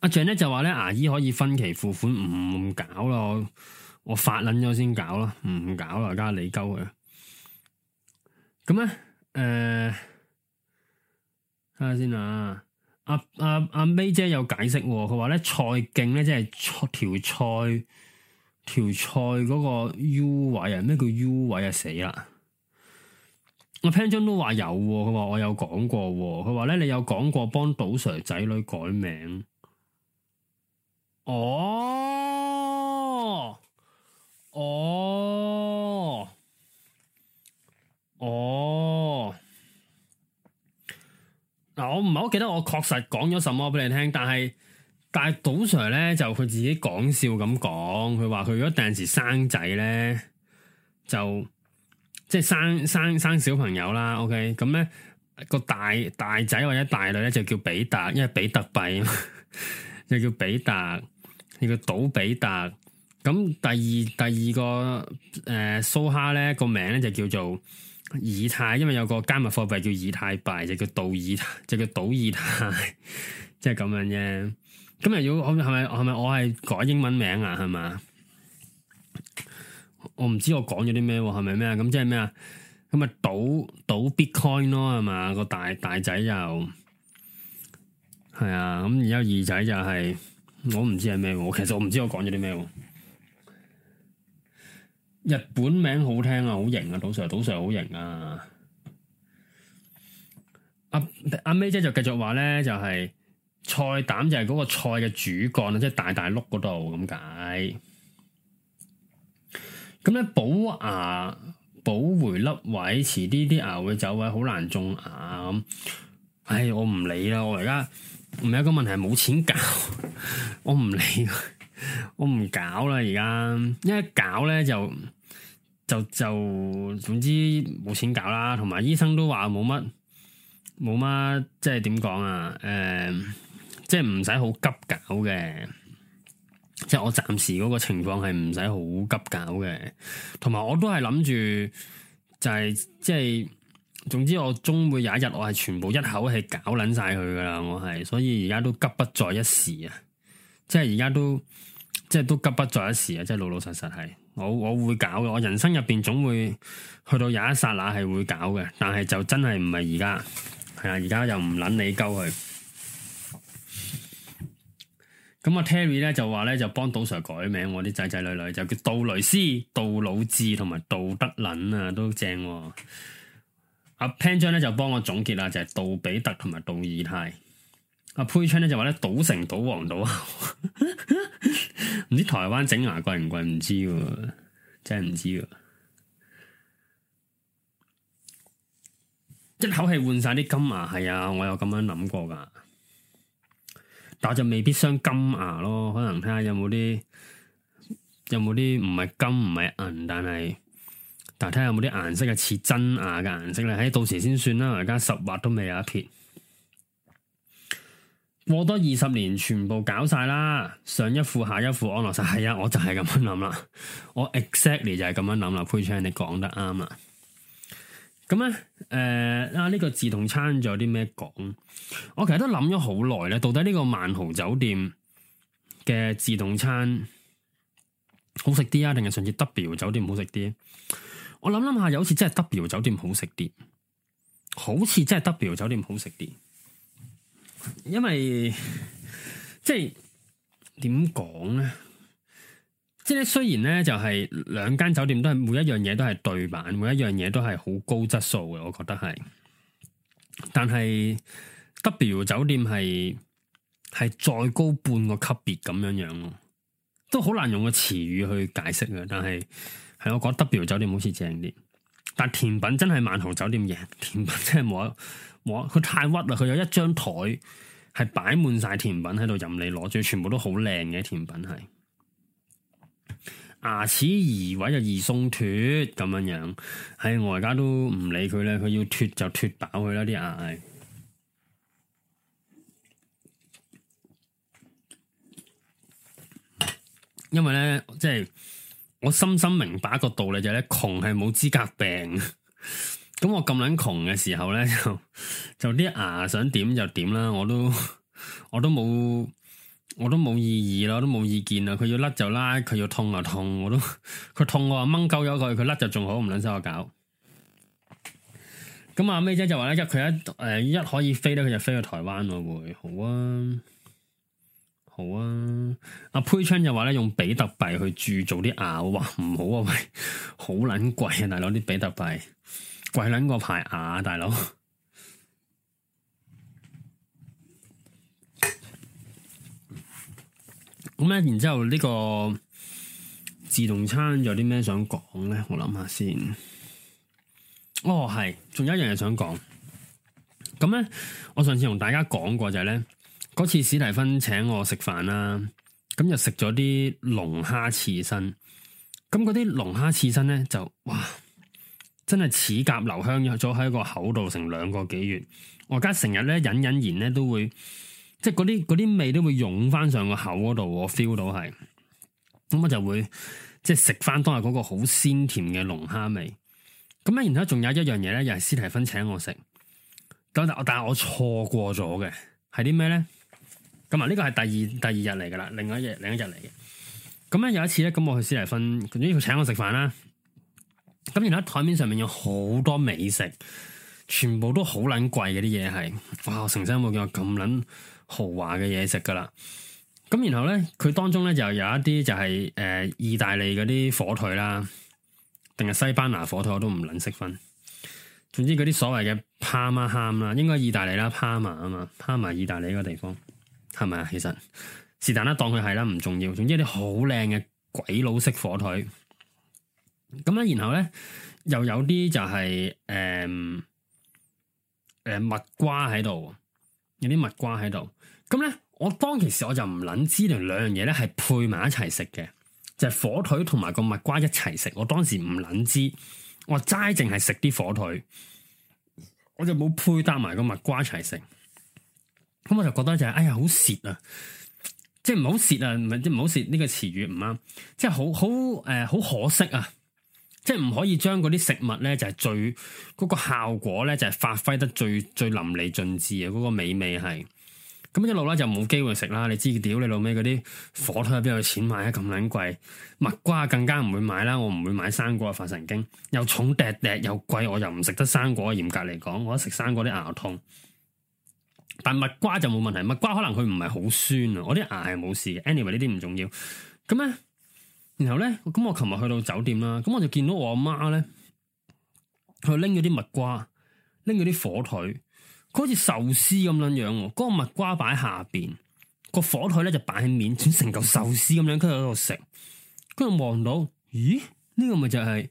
阿 Jean 咧就話咧牙醫可以分期付款，唔搞咯，我發捻咗、呃、先搞咯，唔搞啦，而家你鳩佢。咁咧，誒，睇下先啊。阿阿阿 May 姐有解釋，佢話咧菜莖咧即係條菜。條菜嗰個 U 位啊，咩叫 U 位啊？死啦！我聽張都話有、哦，佢話我有講過、哦，佢話咧你有講過幫賭 Sir 仔女改名。哦，哦，哦。嗱，我唔係好記得我確實講咗什麼俾你聽，但係。但係賭 Sir 咧，就佢自己講笑咁講，佢話佢如果第陣時生仔咧，就即係生生生小朋友啦。OK，咁咧個大大仔或者大女咧，就叫比特，因為比特幣， <laughs> 就叫比特，又叫賭比特。咁第二第二個誒蘇蝦咧，個名咧，就叫做以太，因為有個加密貨幣叫以太幣，就叫賭以太，就叫賭以太，即係咁樣啫。今日要是是是是我係咪係咪我係改英文名啊係嘛？我唔知我講咗啲咩喎，係咪咩啊咁，即係咩啊咁啊賭賭 Bitcoin 咯，係嘛，那個大大仔又係啊咁，而家二仔就係、是，我唔知係咩喎，其實我唔知我講咗啲咩喎。日本名好聽啊，好型啊，島 Sir 島 Sir 好型啊，阿阿 May 姐就繼續話咧就係、是。菜膽就係嗰個菜嘅主幹啊，即係大大碌嗰度咁解。咁咧，補牙補回粒位，遲啲啲牙會走位，好難種牙咁。唉，我唔理啦，我而家唔係一個問題係冇錢搞， <laughs> 我唔理，我唔搞啦而家，一搞咧就就就總之冇錢搞啦，同埋醫生都話冇乜冇乜，即係點講啊？誒、嗯。即係唔使好急搞嘅，即係我暫時嗰個情況係唔使好急搞嘅，同埋我都係諗住就係、是、即係，總之我終會有一日我係全部一口氣搞捻晒佢噶啦，我係所以而家都急不在一時啊！即係而家都即係都急不在一時啊！即係老老實實係，我我會搞咯，我人生入邊總會去到有一剎那係會搞嘅，但係就真係唔係而家，係啊，而家又唔捻你鳩佢。咁阿 Terry 咧就話咧就幫賭 Sir 改名，我啲仔仔女女就叫杜雷斯、杜魯智同埋杜德倫啊，都正、啊。阿 Pan 張咧就幫我總結啦，就係、是、杜比特同埋杜二太。阿 Punch 咧就話咧賭城賭王賭，唔 <laughs> 知台灣整牙貴唔貴，唔知、啊，真係唔知、啊。一口氣換晒啲金牙，係啊，我有咁樣諗過噶。但我就未必鑲金牙咯，可能睇下有冇啲有冇啲唔係金唔係銀，但係但睇下有冇啲顏色嘅似真牙嘅顏色咧，喺到時先算啦。而家十畫都未有一撇，過多二十年全部搞晒啦，上一副下一副安樂晒。係啊，我就係咁樣諗啦，我 exactly 就係咁樣諗啦。配唱你講得啱啊。咁咧，誒、嗯、啊！呢、這個自動餐仲有啲咩講？我其實都諗咗好耐咧，到底呢個萬豪酒店嘅自動餐好食啲啊，定係上次 W 酒店好食啲？我諗諗下，又好似真係 W 酒店好食啲，好似真係 W 酒店好食啲，因為即係點講咧？即係雖然咧、就是，就係兩間酒店都係每一樣嘢都係對版，每一樣嘢都係好高質素嘅，我覺得係。但係 W 酒店係係再高半個級別咁樣樣咯，都好難用個詞語去解釋嘅。但係係我覺得 W 酒店好似正啲，但甜品真係萬豪酒店贏，甜品真係冇。冇佢太屈啦！佢有一張台係擺滿晒甜品喺度任你攞，住全部都好靚嘅甜品係。牙齒移位就易鬆脫咁樣樣，喺我而家都唔理佢啦，佢要脱就脱飽佢啦啲牙。因為咧，即係我深深明白一個道理就係、是、咧，窮係冇資格病。咁 <laughs> 我咁撚窮嘅時候咧，就就啲牙想點就點啦，我都我都冇。我都冇意義，我都冇意見啦。佢要甩就拉，佢要痛就痛。我都佢痛，我話掹鳩咗佢，佢甩就仲好，唔卵使我搞。咁阿咩 a 姐就話咧，一佢一誒一可以飛咧，佢就飛去台灣會好啊，好啊。阿 p u 就話咧，用比特幣去鑄造啲牙，哇唔好啊，喂好卵貴啊大佬啲比特幣，貴卵個排牙，啊、大佬。咁咧，然之後呢個自動餐有啲咩想講咧？我諗下先。哦，係，仲有一樣嘢想講。咁咧，我上次同大家講過就係、是、咧，嗰次史蒂芬請我食飯啦，咁就食咗啲龍蝦刺身。咁嗰啲龍蝦刺身咧，就哇，真係齒頰留香，咗喺個口度成兩個幾月。我而家成日咧，隱隱然咧都會。即係嗰啲啲味都會湧翻上個口嗰度，我 feel 到，係，咁我就會即係食翻當日嗰個好鮮甜嘅龍蝦味。咁咧，然後仲有一樣嘢咧，又係斯提芬請我食，但我但係我錯過咗嘅係啲咩咧？咁啊，呢個係第二第二日嚟噶啦，另外一日另一日嚟嘅。咁咧有一次咧，咁我去斯提芬，總之佢請我食飯啦。咁然後台面上面有好多美食，全部都好捻貴嘅啲嘢係，哇！我成身冇見我咁捻～豪華嘅嘢食噶啦，咁然後咧，佢當中咧就有一啲就係、是、誒、呃、意大利嗰啲火腿啦，定係西班牙火腿，我都唔捻識分。總之嗰啲所謂嘅帕瑪罕啦，應該意大利啦，帕瑪啊嘛，帕瑪意大利嗰個地方係咪啊？其實是但啦，當佢係啦，唔重要。總之啲好靚嘅鬼佬式火腿，咁咧然後咧又有啲就係誒誒蜜瓜喺度，有啲蜜瓜喺度。咁咧，我當其時我就唔捻知兩兩樣嘢咧係配埋一齊食嘅，就係火腿同埋個蜜瓜一齊食。我當時唔捻知，我齋淨係食啲火腿，我就冇配搭埋個蜜瓜一齊食。咁我就覺得就係、是，哎呀，好蝕啊！即係唔好蝕啊，唔係即唔好蝕呢個詞語唔啱，即係好好誒，好、呃、可惜啊！即係唔可以將嗰啲食物咧就係、是、最嗰、那個效果咧就係、是、發揮得最最淋漓盡致啊！嗰、那個美味係。咁一路咧就冇機會食啦！你知屌你老味嗰啲火腿有邊有錢買啊？咁撚貴，蜜瓜更加唔會買啦！我唔會買生果，發神經又重滴滴，又貴，我又唔食得生果。嚴格嚟講，我一食生果啲牙痛。但蜜瓜就冇問題，蜜瓜可能佢唔係好酸啊！我啲牙係冇事嘅。anyway 呢啲唔重要。咁咧，然後咧，咁我琴日去到酒店啦，咁我就見到我阿媽咧，佢拎咗啲蜜瓜，拎咗啲火腿。好似壽司咁捻樣，嗰個蜜瓜擺下邊，個火腿咧就擺喺面，整成嚿壽司咁樣，佢喺度食，佢又望到，咦？呢個咪就係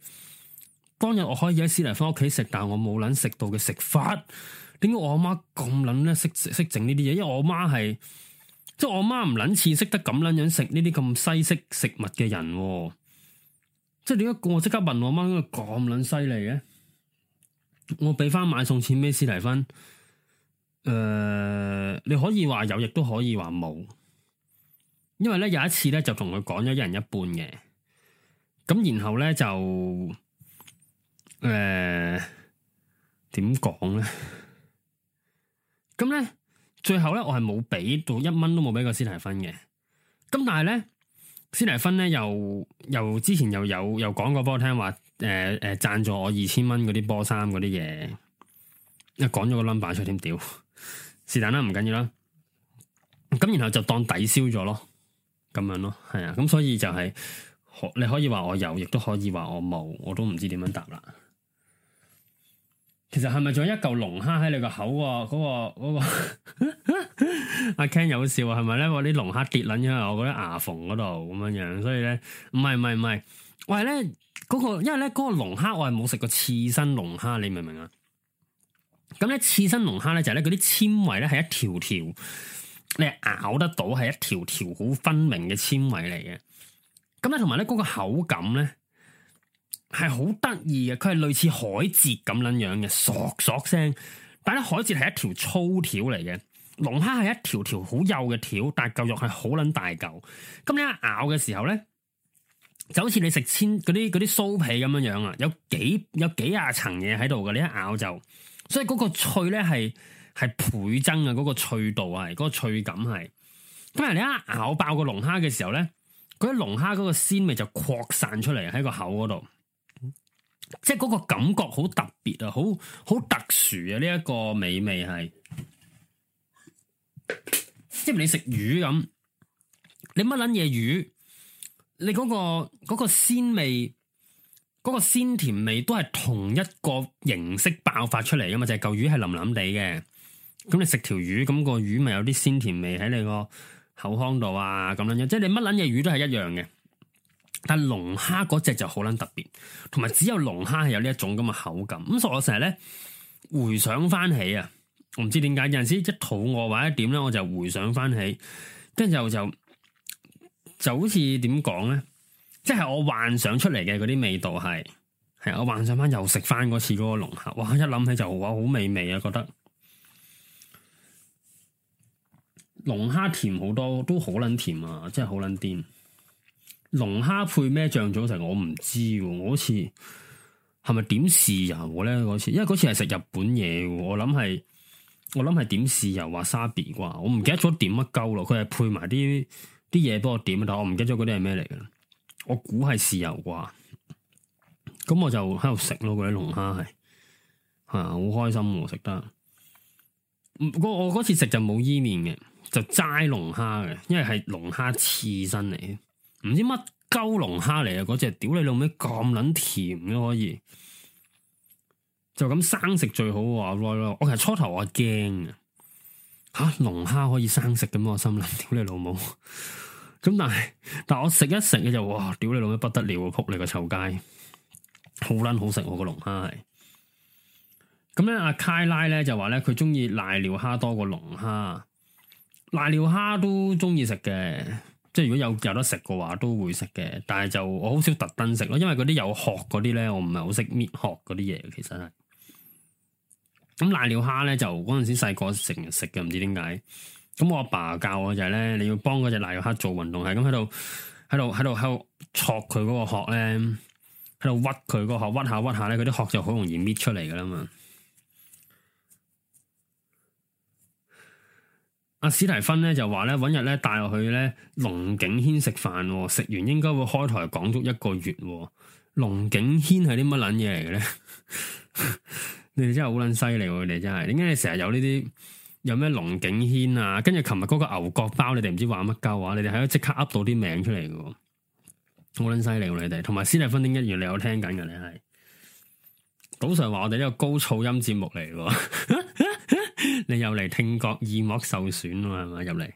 當日我可以喺斯提芬屋企食，但我冇捻食到嘅食法。點解我阿媽咁捻叻，識識整呢啲嘢？因為我媽係即係我媽唔捻似識得咁捻樣食呢啲咁西式食物嘅人啊，即係點解我即刻問我媽，咁捻犀利嘅？我俾翻買餸錢俾斯提芬。誒、呃，你可以話有，亦都可以話冇，因為咧有一次咧就同佢講咗一人一半嘅，咁然後咧就誒點講咧？咁、呃、咧、 <laughs> 嗯、最後咧我係冇俾到一蚊都冇俾過斯提芬嘅，咁但係咧斯提芬咧又又之前又有又講過俾我聽話，誒誒讚助我二千蚊嗰啲波衫嗰啲嘢，一講咗個 number 出添屌。是但啦，唔緊要啦。咁然後就當抵消咗咯，咁樣咯，係啊。咁所以就係、是、可，你可以話我有，亦都可以話我冇，我都唔知點樣答啦。其實係咪仲有一嚿龍蝦喺你、啊個口？嗰、嗰個嗰個阿 Ken 有笑係咪咧？我啲龍蝦跌撚咗，我嗰啲牙縫嗰度咁樣樣，所以咧唔係唔係唔係，喂咧嗰、嗰個，因為咧嗰個龍蝦我係冇食過刺身龍蝦，你明唔明啊？咁咧，刺身龍蝦咧就係咧，嗰啲纖維咧係一條條，你係咬得到係一條條好分明嘅纖維嚟嘅。咁咧，同埋咧嗰個口感咧係好得意嘅，佢係類似海蜇咁撚樣嘅嗦嗦聲。但係咧，海蜇係一條粗條嚟嘅，龍蝦係一條條好幼嘅條，但係嚿肉係好撚大嚿。咁你一咬嘅時候咧，就好似你食千啲嗰啲酥皮咁樣樣啊，有幾有幾廿層嘢喺度嘅，你一咬就。所以嗰個脆咧係係倍增啊！嗰個脆度係，嗰個脆感係。咁人哋一咬爆個龍蝦嘅時候咧，嗰啲龍蝦嗰個鮮味就擴散出嚟，喺個口嗰度，即係嗰個感覺好特別啊！好好特殊啊！呢一個美味係，即係你食魚咁，你乜捻嘢魚，你嗰個嗰個鮮味。嗰個鮮甜味都係同一個形式爆發出嚟噶嘛，就係、是、嚿魚係腍腍地嘅。咁你食條魚，咁、那個魚咪有啲鮮甜味喺你個口腔度啊，咁樣樣。即係你乜捻嘢魚都係一樣嘅。但龍蝦嗰隻就好捻特別，同埋只有龍蝦係有呢一種咁嘅口感。咁所以我成日咧回想翻起啊，我唔知點解有陣時一肚餓或者一點咧，我就回想翻起，跟住就就就好似點講咧？即係我幻想出嚟嘅嗰啲味道係，係我幻想翻又食翻嗰次嗰個龍蝦，哇！一諗起就哇好，好美味啊，覺得龍蝦甜好多，都好撚甜啊，真係好撚癲！龍蝦配咩醬佐成我唔知、啊，我好似係咪點豉油咧嗰次？因為嗰次係食日本嘢，我諗係我諗係點豉油話沙比啩？我唔記得咗點乜鳩咯，佢係配埋啲啲嘢幫我點啊，但我唔記得咗嗰啲係咩嚟噶。我估係豉油啩，咁我就喺度食咯。嗰啲龍蝦係，係、啊、好開心、啊，食得。我我嗰次食就冇伊麵嘅，就齋龍蝦嘅，因為係龍蝦刺身嚟嘅，唔知乜鳩龍蝦嚟啊！嗰隻，屌你老味咁撚甜嘅可以，就咁生食最好啊！咯咯，我其實初頭我驚啊，吓龍蝦可以生食咁我心諗，屌你老母！咁但係，但係我食一食嘅就哇，屌你老味不得了啊！撲你個臭街，好撚好食我個龍蝦係。咁咧阿卡拉咧就話咧，佢中意瀨尿蝦多過龍蝦，瀨尿蝦都中意食嘅，即係如果有有得食嘅話都會食嘅。但係就我好少特登食咯，因為嗰啲有殼嗰啲咧，我唔係好識搣殼嗰啲嘢，其實係。咁瀨尿蝦咧就嗰陣時細個成日食嘅，唔知點解。咁我阿爸，爸教我就係咧，你要幫嗰隻奶油黑做運動，係咁喺度，喺度，喺度，喺度，戳佢嗰個殼咧，喺度屈佢個殼屈下屈下咧，佢啲殼就好容易搣出嚟噶啦嘛。阿史、啊、提芬咧就話咧，搵日咧帶入去咧，龍景軒食飯，食完應該會開台講足一個月，哦。龍景軒係啲乜撚嘢嚟嘅咧？你哋真係好撚犀利，你真係，點解你成日有呢啲？有咩龍景軒啊？跟住琴日嗰個牛角包，你哋唔知話乜鳩啊？你哋喺度即刻 up 到啲名出嚟嘅，好撚犀利喎！你哋同埋施麗芬丁一月你有聽緊嘅，你係早上話我哋呢個高噪音節目嚟， <laughs> 你又嚟聽覺耳膜受損啊嘛？係咪入嚟，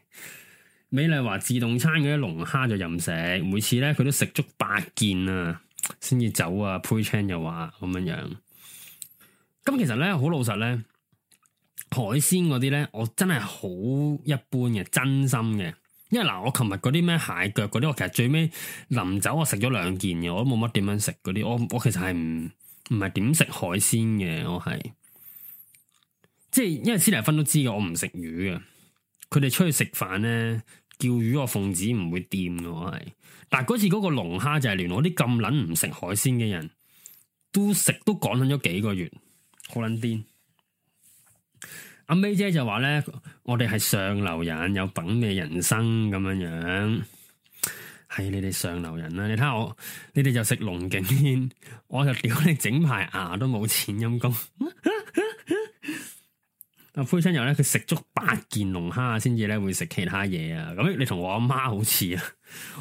美麗華自動餐嗰啲龍蝦就任食，每次咧佢都食足八件啊，先至走啊，配稱又話咁樣樣，咁其實咧好老實咧。海鮮嗰啲咧，我真係好一般嘅，真心嘅。因為嗱，我琴日嗰啲咩蟹腳嗰啲，我其實最尾臨走我食咗兩件嘅，我都冇乜點樣食嗰啲。我我其實係唔唔係點食海鮮嘅，我係即係因為施麗芬都知嘅，我唔食魚嘅。佢哋出去食飯咧，叫魚我奉旨唔會掂，我係。但係嗰次嗰個龍蝦就係連我啲咁捻唔食海鮮嘅人都食都趕緊咗幾個月，好捻癲。阿 May 姐就話咧，我哋係上流人，有品味人生咁樣樣，係你哋上流人啦！你睇下我，你哋就食龍景軒，我就屌你整排牙都冇錢陰功。阿灰親又咧，佢食足八件龍蝦先至咧會食其他嘢啊！咁你同我阿媽好似啊，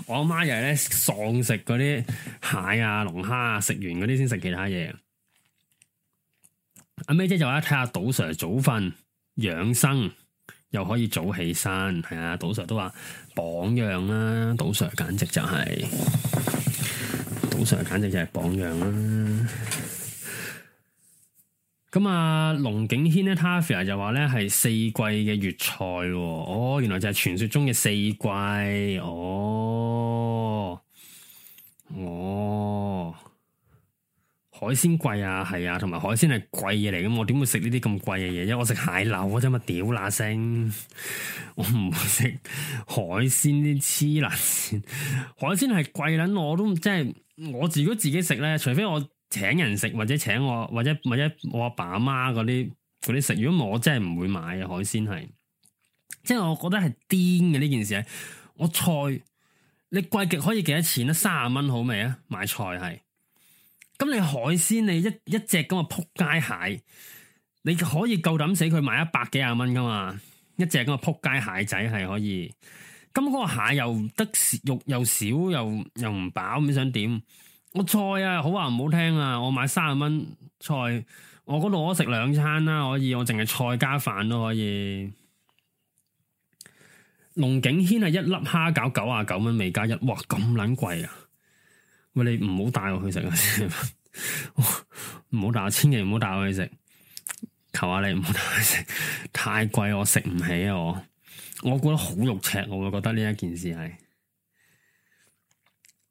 我阿媽又係咧喪食嗰啲蟹啊龍蝦啊，食完嗰啲先食其他嘢。阿 May 姐就話睇下賭 Sir 早瞓。養生又可以早起身，係啊！島 Sir 都話榜樣啦，島 Sir 簡直就係、是，島 Sir 簡直就係榜樣啦。咁啊、嗯，龍景軒咧 Tavia 就話咧係四季嘅粵菜，哦，原來就係傳說中嘅四季，哦，哦。海鮮貴啊，係啊，同埋海鮮係貴嘢嚟，咁我點會食呢啲咁貴嘅嘢？因為我食蟹柳啊，啫嘛，屌乸聲，我唔會食海鮮啲黐撚線，海鮮係貴撚，我都即係我自己自己食咧，除非我請人食或者請我或者或者我阿爸阿媽嗰啲啲食，如果我真係唔會買嘅海鮮係，即係我覺得係癲嘅呢件事，我菜你貴極可以幾多錢啊？卅蚊好未啊？買菜係。咁你海鮮你一一隻咁嘅撲街蟹，你可以夠膽死佢買一百幾十蚊噶嘛？一隻咁嘅撲街蟹仔係可以。咁嗰個蟹又得肉又少又又唔飽，你想點？我菜啊，好話唔好聽啊，我買三十蚊菜，我嗰度我食兩餐啦，可以，我淨係菜加飯都可以。龍景軒係一粒蝦餃九十九蚊未加一，哇咁撚貴啊！你唔好帶我去食啊！唔好帶，千祈唔好帶我去食。求下你唔好帶我去食，太貴我食唔起啊！我我,我覺得好肉赤，我會覺得呢一件事係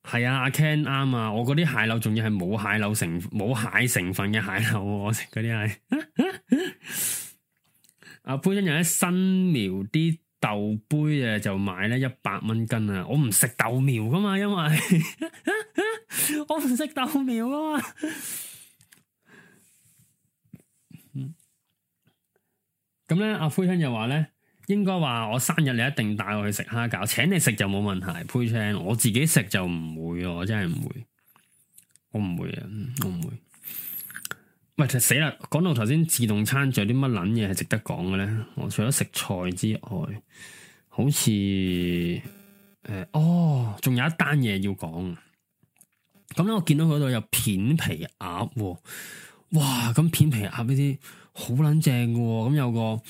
係啊，阿 Ken 啱啊！我嗰啲蟹柳仲要係冇蟹柳成冇蟹成分嘅蟹柳，我食嗰啲係阿杯，生有啲新苗啲豆杯嘅就買咧一百蚊斤啊！我唔食豆苗噶嘛，因為 <laughs> 我唔識豆苗啊！咁咧，阿 Pushing 又話咧，應該話我生日你一定帶我去食蝦餃，請你食就冇問題。Pushing，我自己食就唔會啊！我真係唔會，我唔會啊！我唔會。喂，死啦！講到頭先自動餐仲有啲乜撚嘢係值得講嘅咧？我除咗食菜之外，好似誒，哦，仲有一單嘢要講。咁咧，我見到佢度有片皮鴨，哇！咁片皮鴨呢啲好撚正嘅，咁有個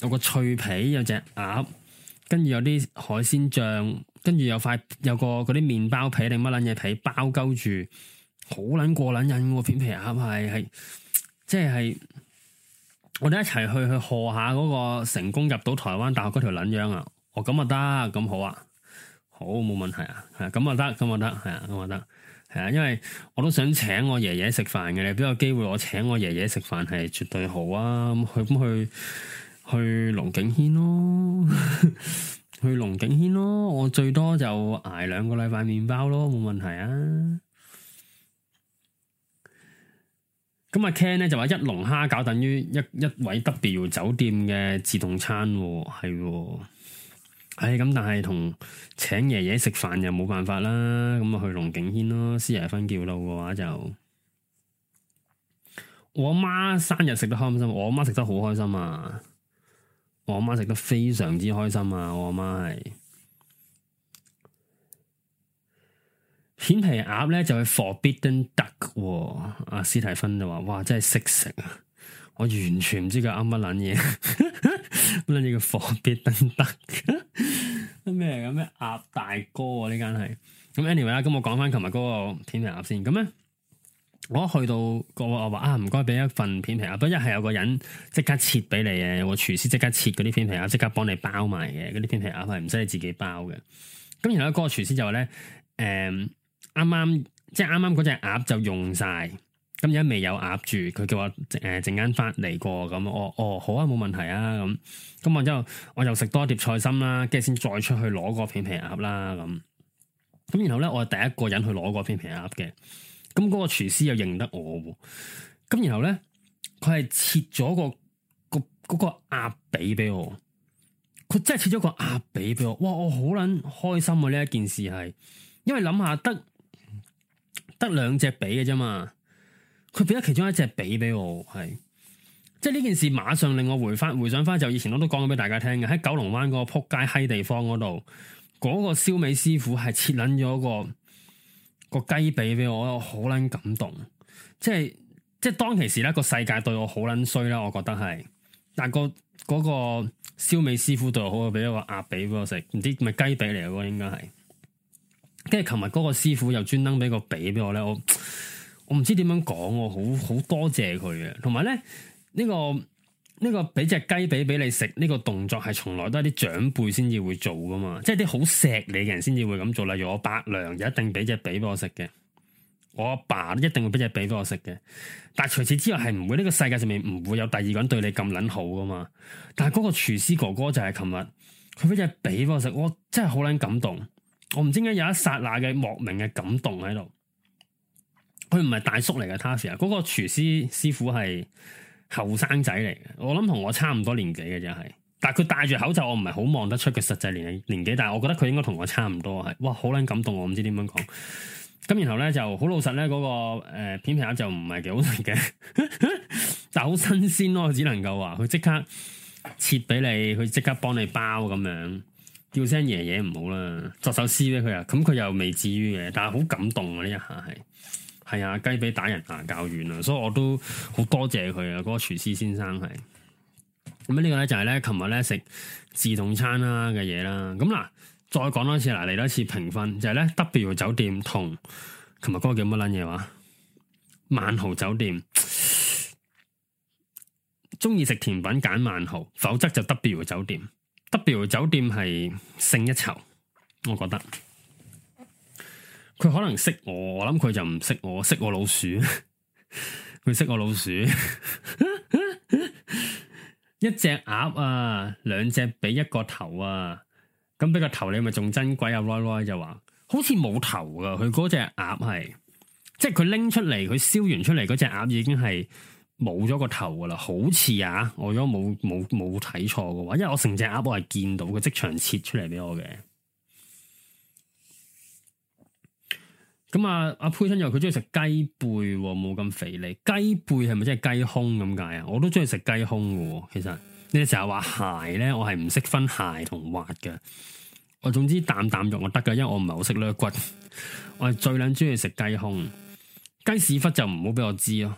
有個脆皮，有隻鴨，跟住有啲海鮮醬，跟住有塊有個嗰啲麵包皮定乜撚嘢皮包鳩住，好撚過撚癮嘅片皮鴨係係，即係我哋一齊去去賀下嗰個成功入到台灣大學嗰條撚樣啊！哦，咁啊得，咁好啊，好冇問題啊，係啊，咁啊得，咁啊得，係啊，咁啊得。係啊，因為我都想請我爺爺食飯嘅，你俾個機會我請我爺爺食飯係絕對好啊！去咁去去龍景軒咯， <laughs> 去龍景軒咯，我最多就挨兩個禮拜麵包咯，冇問題啊！咁阿、啊、Ken 咧就話一籠蝦餃等於一一位 W 酒店嘅自動餐。哦，係。唉，咁、哎，但係同請爺爺食飯又冇辦法啦。咁啊，去龍景軒咯。斯提芬叫路嘅話就，我阿媽生日食得開唔開心，我阿媽食得好開心啊！我阿媽食得非常之開心啊！我阿媽係片皮鴨咧就係、是、Forbidden Duck，阿、啊、斯提芬就話：，哇，真係識食。啊！」我完全唔知佢啱乜捻嘢，乜捻嘢叫火逼登登？咩嚟咩鴨大哥、啊？呢間係咁 anyway 啦。咁我講翻琴日嗰個片皮鴨先。咁咧，我一去到個我話啊，唔該俾一份片皮鴨。不一係有個人即刻切俾你嘅，有個廚師即刻切嗰啲片皮鴨，即刻幫你包埋嘅。嗰啲片皮鴨係唔使你自己包嘅。咁然後嗰個廚師就話咧，誒、嗯，啱啱即係啱啱嗰隻鴨就用晒。咁而家未有鴨住，佢叫我誒，陣間翻嚟過咁，我哦，好啊，冇問題啊，咁咁然之後，我又食多碟菜心啦，跟住先再出去攞個片皮鴨啦，咁咁然後咧，我係第一個人去攞個片皮鴨嘅，咁嗰個廚師又認得我，咁然後咧，佢係切咗個個嗰個鴨髀俾我，佢真係切咗個鴨髀俾我，哇！我好撚開心嘅呢一件事係，因為諗下得得兩隻髀嘅啫嘛。佢俾咗其中一隻髀俾我，係即係呢件事，馬上令我回翻回，回想翻就以前我都講咗俾大家聽嘅，喺九龍灣嗰個撲街閪地方嗰度，嗰個燒味師傅係切捻咗個個雞髀俾我，我好捻感動，即係即係當其時咧個世界對我好捻衰啦，我覺得係，但個嗰個燒味師傅對我好，俾一個鴨髀俾我食，唔知咪雞髀嚟嘅，應該係，跟住琴日嗰個師傅又專登俾個髀俾我咧，我。我唔知點樣講，我好好多謝佢嘅。同埋咧，呢個呢個俾隻雞髀俾你食呢個動作，係從來都係啲長輩先至會做噶嘛。即係啲好錫你嘅人先至會咁做。例如我伯娘就一定俾隻髀俾我食嘅，我阿爸一定會俾隻髀俾我食嘅。但係除此之外，係唔會呢個世界上面唔會有第二個人對你咁捻好噶嘛。但係嗰個廚師哥哥就係琴日，佢俾隻髀俾我食，我真係好捻感動。我唔知點解有一刹那嘅莫名嘅感動喺度。佢唔係大叔嚟嘅，他士啊，嗰、那個廚師師傅係後生仔嚟嘅，我諗同我差唔多年紀嘅，就係，但係佢戴住口罩，我唔係好望得出佢實際年紀年紀，但係我覺得佢應該同我差唔多，係，哇，好撚感動，我唔知點樣講，咁然後咧就好老實咧，嗰、那個誒、呃、片皮 <laughs> 啊，就唔係幾好食嘅，但好新鮮咯，只能夠話佢即刻切俾你，佢即刻幫你包咁樣，叫聲爺爺唔好啦，作首詩俾佢啊，咁佢又未至於嘅，但係好感動啊呢一下係。係啊，雞髀打人牙鉸軟啊，所以我都好多謝佢啊，嗰、嗰個廚師先生係。咁呢個咧就係咧，琴日咧食自動餐啦嘅嘢啦。咁嗱，再講多次嗱，嚟多次評分就係、係、咧 W 酒店同琴日嗰個叫乜撚嘢話萬豪酒店，中意食甜品揀萬豪，否則就 W 酒店。W 酒店係勝一籌，我覺得。佢可能識我，我諗佢就唔識我，識我老鼠。佢 <laughs> 識我老鼠， <laughs> 一隻鴨啊，兩隻俾一個頭啊，咁俾個頭你咪仲珍貴啊 Roy Roy 就話好似冇頭噶，佢嗰隻鴨係，即係佢拎出嚟，佢燒完出嚟嗰隻鴨已經係冇咗個頭噶啦，好似啊，我如果冇冇冇睇錯嘅話，因為我成隻鴨我係見到嘅，即場切出嚟俾我嘅。咁啊，阿 P 生又佢中意食雞背，冇、哦、咁肥膩。雞背係咪即係雞胸咁解啊？我都中意食雞胸嘅，其實你成日話鞋咧，我係唔識分鞋同滑嘅。我總之啖啖肉我得噶，因為我唔係好識甩骨。我係最捻中意食雞胸。雞屎忽就唔好俾我知咯。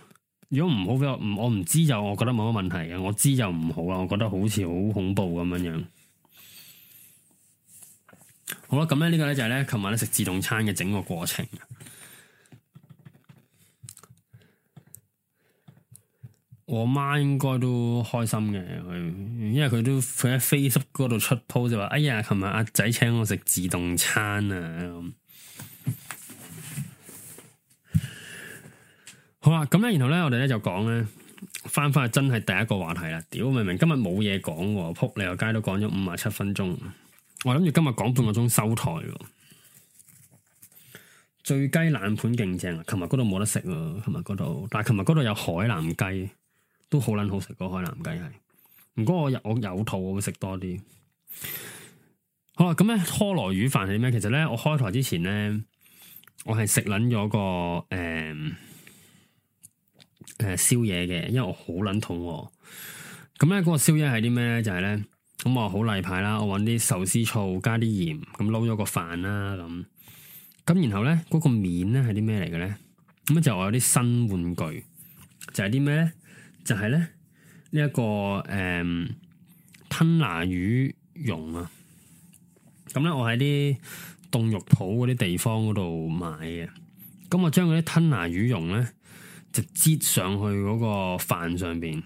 如果唔好俾我唔我唔知就我覺得冇乜問題嘅，我知就唔好啊。我覺得好似好恐怖咁樣樣。好啦，咁咧呢個咧就係咧，琴晚咧食自動餐嘅整個過程。我媽應該都開心嘅，佢因為佢都佢喺 Facebook 嗰度出 post 就話：哎呀，琴日阿仔請我食自動餐啊！咁好啦，咁咧然後咧我哋咧就講咧翻翻去真係第一個話題啦。屌明明今日冇嘢講喎，扑你又街都講咗五十七分鐘。我諗住今日講半個鐘收台喎，醉雞冷盤勁正啊！琴日嗰度冇得食啊，琴日嗰度，但係琴日嗰度有海南雞，都好捻好食個海南雞係。如果我有我有肚，我會食多啲。好啦，咁咧拖羅魚飯係啲咩？其實咧，我開台之前咧，我係食捻咗個誒誒、呃呃、宵夜嘅，因為我好捻肚餓。咁咧嗰個宵夜係啲咩咧？就係、是、咧。咁我好例牌啦，我搵啲壽司醋加啲鹽，咁撈咗個飯啦咁。咁然後咧，嗰、那個麵咧係啲咩嚟嘅咧？咁就我有啲新玩具，就係啲咩咧？就係、是、咧呢一、這個誒、嗯、吞拿魚蓉啊！咁咧我喺啲凍肉鋪嗰啲地方嗰度買嘅。咁我將嗰啲吞拿魚蓉咧就擠上去嗰個飯上邊，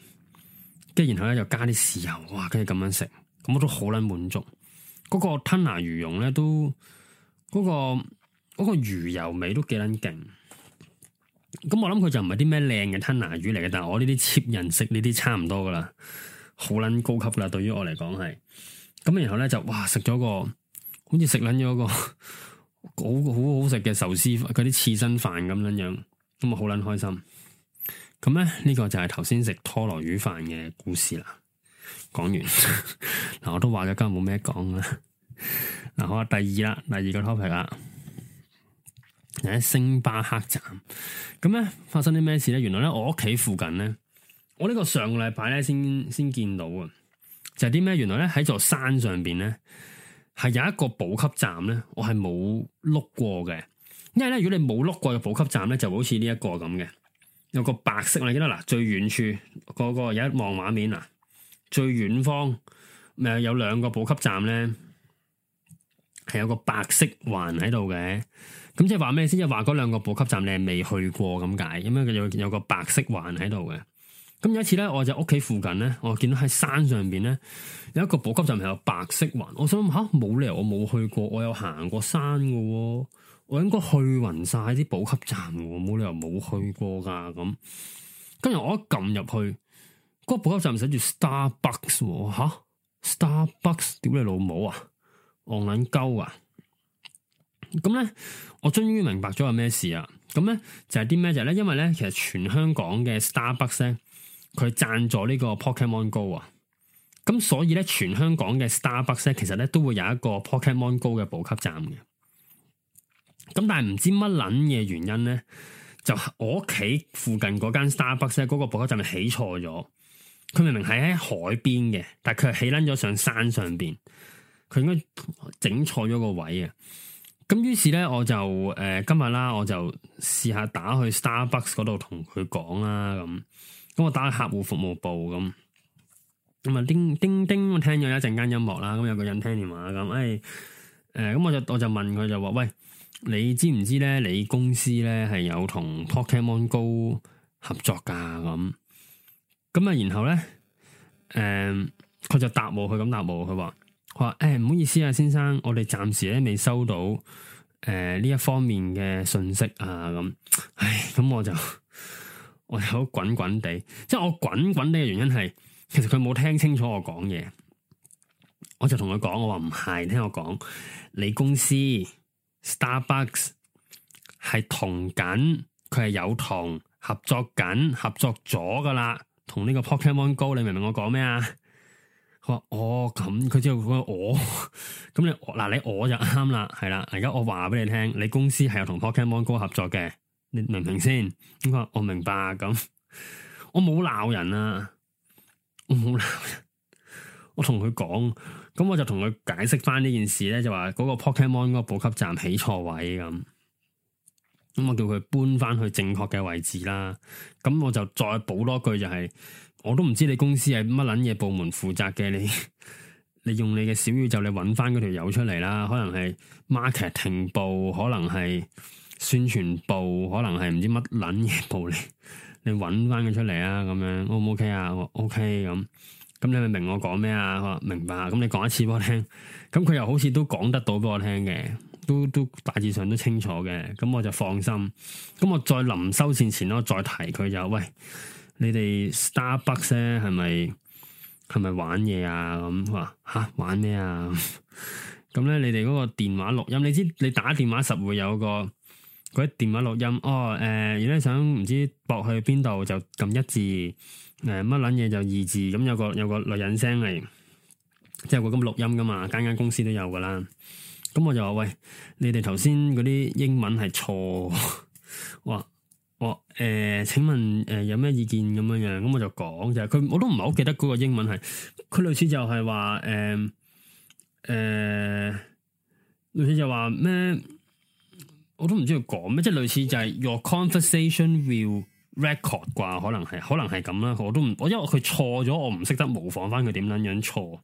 跟住然後咧就加啲豉油，哇！跟住咁樣食。咁我都好捻滿足，嗰個吞拿魚蓉咧，都，嗰個嗰個魚油味都幾捻勁。咁我諗佢就唔係啲咩靚嘅吞拿魚嚟嘅，但係我呢啲切人食呢啲差唔多噶啦，好捻高級噶啦，對於我嚟講係。咁然後咧就哇食咗個，好似食捻咗個 <laughs> 好，好好好食嘅壽司，嗰啲刺身飯咁樣樣，咁啊好捻開心。咁咧呢個就係頭先食拖羅魚飯嘅故事啦。講講完嗱。 <laughs> 我都話咗今日冇咩講啦。嗱， <laughs> 好第二啦，第二個 topic 啦，喺星巴克站咁咧，發生啲咩事咧？原來咧，我屋企附近咧，我呢個上個禮拜咧，先先見到啊，就係啲咩？原來咧喺座山上邊咧，係有一個補給站咧，我係冇碌過嘅。因為咧，如果你冇碌過嘅補給站咧，就好似呢一個咁嘅，有個白色，你記得嗱，最遠處嗰個有一望畫面啊。最遠方咪、呃、有兩個補給站咧，係有個白色環喺度嘅。咁即係話咩先？即係話嗰兩個補給站你係未去過咁解？咁樣有有個白色環喺度嘅。咁有一次咧，我就屋企附近咧，我見到喺山上邊咧有一個補給站係有白色環。我想吓冇、啊、理由我冇去過，我有行過山嘅、哦，我應該去匀晒啲補給站嘅，冇理由冇去過噶咁。跟住我一撳入去。個補給站唔使住 Starbucks 喎、啊、嚇，Starbucks 屌你老母啊，戇撚鳩啊！咁、嗯、咧，我終於明白咗係咩事啊！咁、嗯、咧就係啲咩就係咧？因為咧，其實全香港嘅 Starbucks 咧，佢贊助呢個 Pokemon Go 啊，咁、嗯、所以咧，全香港嘅 Starbucks 咧，其實咧都會有一個 Pokemon Go 嘅補給站嘅。咁但係唔知乜撚嘅原因咧，就是，我屋企附近嗰間 Starbucks 咧，嗰個補給站係起錯咗？佢明明係喺海邊嘅，但係佢起捻咗上山上邊，佢應該整錯咗個位啊！咁於是咧，我就誒、呃、今日啦，我就試下打去 Starbucks 嗰度同佢講啦，咁、嗯、咁、嗯、我打客戶服務部咁咁啊，叮叮叮，我聽咗一陣間音樂啦，咁、嗯、有個人聽電話咁，誒、嗯、誒，咁、嗯嗯、我就我就問佢就話，喂，你知唔知咧？你公司咧係有同 Pokemon Go 合作噶咁？嗯咁啊，然後咧，誒、嗯，佢就答我，佢咁答我，佢話，佢、哎、話，誒，唔好意思啊，先生，我哋暫時咧未收到誒呢、呃、一方面嘅信息啊，咁，唉，咁我就我好滾滾地，即係我滾滾地嘅原因係，其實佢冇聽清楚我講嘢，我就同佢講，我話唔係，聽我講，你公司 Starbucks 係同緊，佢係有同合作緊，合作咗噶啦。同呢個 Pokemon Go，你明唔明我講咩 <laughs> 啊？佢話哦，咁佢就講我，咁你嗱你我就啱啦，係啦。而家我話俾你聽，你公司係有同 Pokemon Go 合作嘅，你明唔明先？咁佢話 <laughs> 我明白，咁我冇鬧人啊，我冇鬧人， <laughs> 我同佢講，咁我就同佢解釋翻呢件事咧，就話嗰個 Pokemon Go 補給站起錯位咁。咁我叫佢搬翻去正確嘅位置啦。咁我就再補多句，就是，就係我都唔知你公司係乜捻嘢部門負責嘅。你你用你嘅小宇宙，你搵翻嗰條友出嚟啦。可能係 marketing 部，可能係宣傳部，可能係唔知乜捻嘢部嚟。你搵翻佢出嚟啊！咁樣 O 唔、哦、OK 啊？我 OK 咁。咁你咪明我講咩啊？明白。咁你講一次俾我聽。咁佢又好似都講得到俾我聽嘅。都都大致上都清楚嘅，咁我就放心。咁我再臨收線前咯，再提佢就喂，你哋 Starbucks 咧係咪係咪玩嘢啊？咁話吓玩咩啊？咁 <laughs> 咧你哋嗰個電話錄音，你知你打電話實會有個嗰啲、嗰個、電話錄音。哦，誒、呃，而家想唔知駁去邊度就撳一字，誒乜撚嘢就二字，咁有個有個女人聲嚟，即係會咁錄音噶嘛，間間公司都有噶啦。咁我就話喂，你哋頭先嗰啲英文係錯，我話，誒、呃，請問，誒、呃，有咩意見咁樣樣？咁我就講就係、是，佢我都唔係好記得嗰個英文係，佢類似就係話，誒、呃，誒、呃，類似就話咩？我都唔知佢講咩，即係類似就係 Your conversation will record 啩，可能係，可能係咁啦。我都，唔，我因為佢錯咗，我唔識得模仿翻佢點樣樣錯。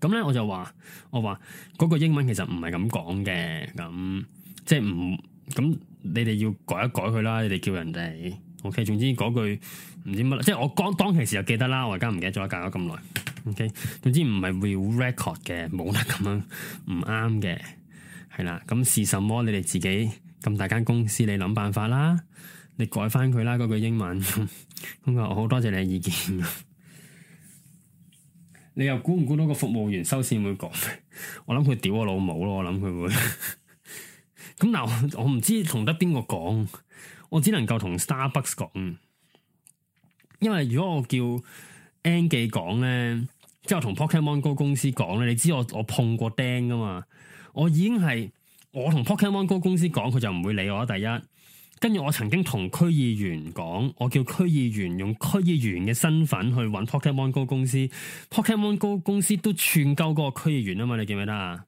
咁咧，我就話，我話嗰句英文其實唔係咁講嘅，咁即係唔咁，你哋要改一改佢啦，你哋叫人哋，OK。總之嗰句唔知乜，即係我剛當其時就記得，記、OK? 得啦，我而家唔記得咗，隔咗咁耐，OK。總之唔係 real record 嘅，冇得咁樣，唔啱嘅，係啦。咁是什麼？你哋自己咁大間公司，你諗辦法啦，你改翻佢啦，嗰句英文。咁啊，好多謝你嘅意見。你又估唔估到個服務員收線會講我諗佢屌我老母咯，我諗佢會。咁嗱，我唔知同得邊個講，我只能夠同 Starbucks 講。因為如果我叫 Angie 講咧，即係同 Pokemon 哥公司講咧，你知我我碰過釘噶嘛？我已經係我同 Pokemon 哥公司講，佢就唔會理我。第一。跟住我曾經同區議員講，我叫區議員用區議員嘅身份去搵 Pokemon Go 公司，Pokemon Go 公司都串鳩個區議員啊嘛，你記唔記得啊？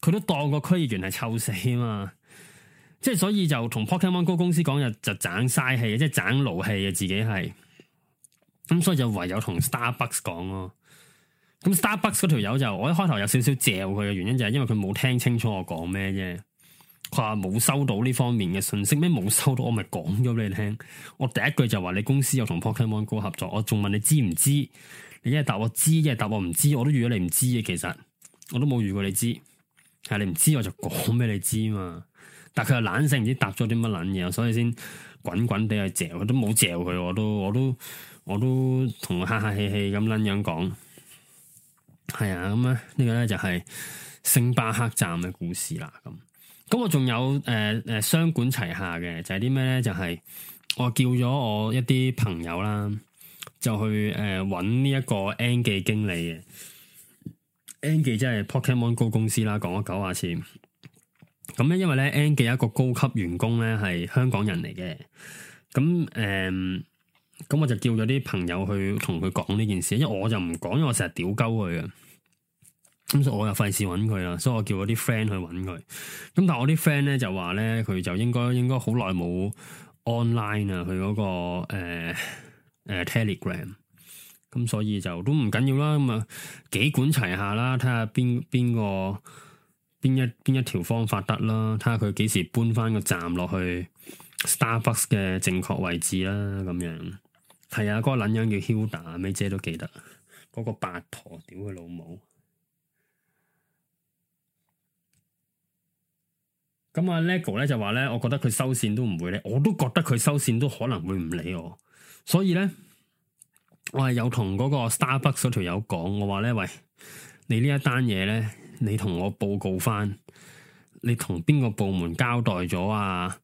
佢都當個區議員係臭死啊嘛，即係所以就同 Pokemon Go 公司講就就盞嘥氣，即係盞勞氣啊自己係，咁所以就唯有同 Starbucks 講咯、啊。咁 Starbucks 嗰條友就我一開頭有少少嚼佢嘅原因就係因為佢冇聽清楚我講咩啫。.佢話冇收到呢方面嘅信息，咩冇收到？我咪講咗俾你聽。我第一句就話你公司有同 Pokemon Go 合作。我仲問你知唔知？你一係答我知，一係答我唔知。我都預咗你唔知嘅，其實我都冇預過你知。係你唔知我就講俾你知啊嘛。但佢又懶性，唔知答咗啲乜捻嘢，所以先滾滾地去嚼。佢都冇嚼佢，我都我都我都同佢客客氣氣咁捻樣講。係啊，咁啊，呢個咧就係星巴克站嘅故事啦，咁。咁我仲有誒誒雙管齊下嘅，就係啲咩咧？就係、是、我叫咗我一啲朋友啦，就去誒搵呢一個 N 記經理嘅。N 記即係 Pokemon Go 公司啦，講咗九下先。咁、嗯、咧，因為咧 N 記一個高級員工咧係香港人嚟嘅。咁誒，咁、呃、我就叫咗啲朋友去同佢講呢件事，因為我就唔講，因為我成日屌鳩佢嘅。咁所以我又費事搵佢啊，所以我叫我啲 friend 去搵佢。咁但係我啲 friend 咧，就話咧，佢就應該應該好耐冇 online 啊，佢嗰、那個誒誒 Telegram。咁、呃呃、Tele 所以就都唔緊要，要啦，咁啊幾管齊下啦，睇下邊邊個邊一邊一條方法得啦，睇下佢幾時搬翻個站落去 Starbucks 嘅正確位置啦，咁樣係啊，嗰個撚樣叫 Hilda，咩姐，姐都記得，嗰、那個八陀屌佢老母。咁啊 Lego 咧就話咧，我覺得佢收線都唔會咧，我都覺得佢收線都可能會唔理我，所以咧我係有同嗰個 Starbucks 條友講，我話咧，喂，你呢一單嘢咧，你同我報告翻，你同邊個部門交代咗啊？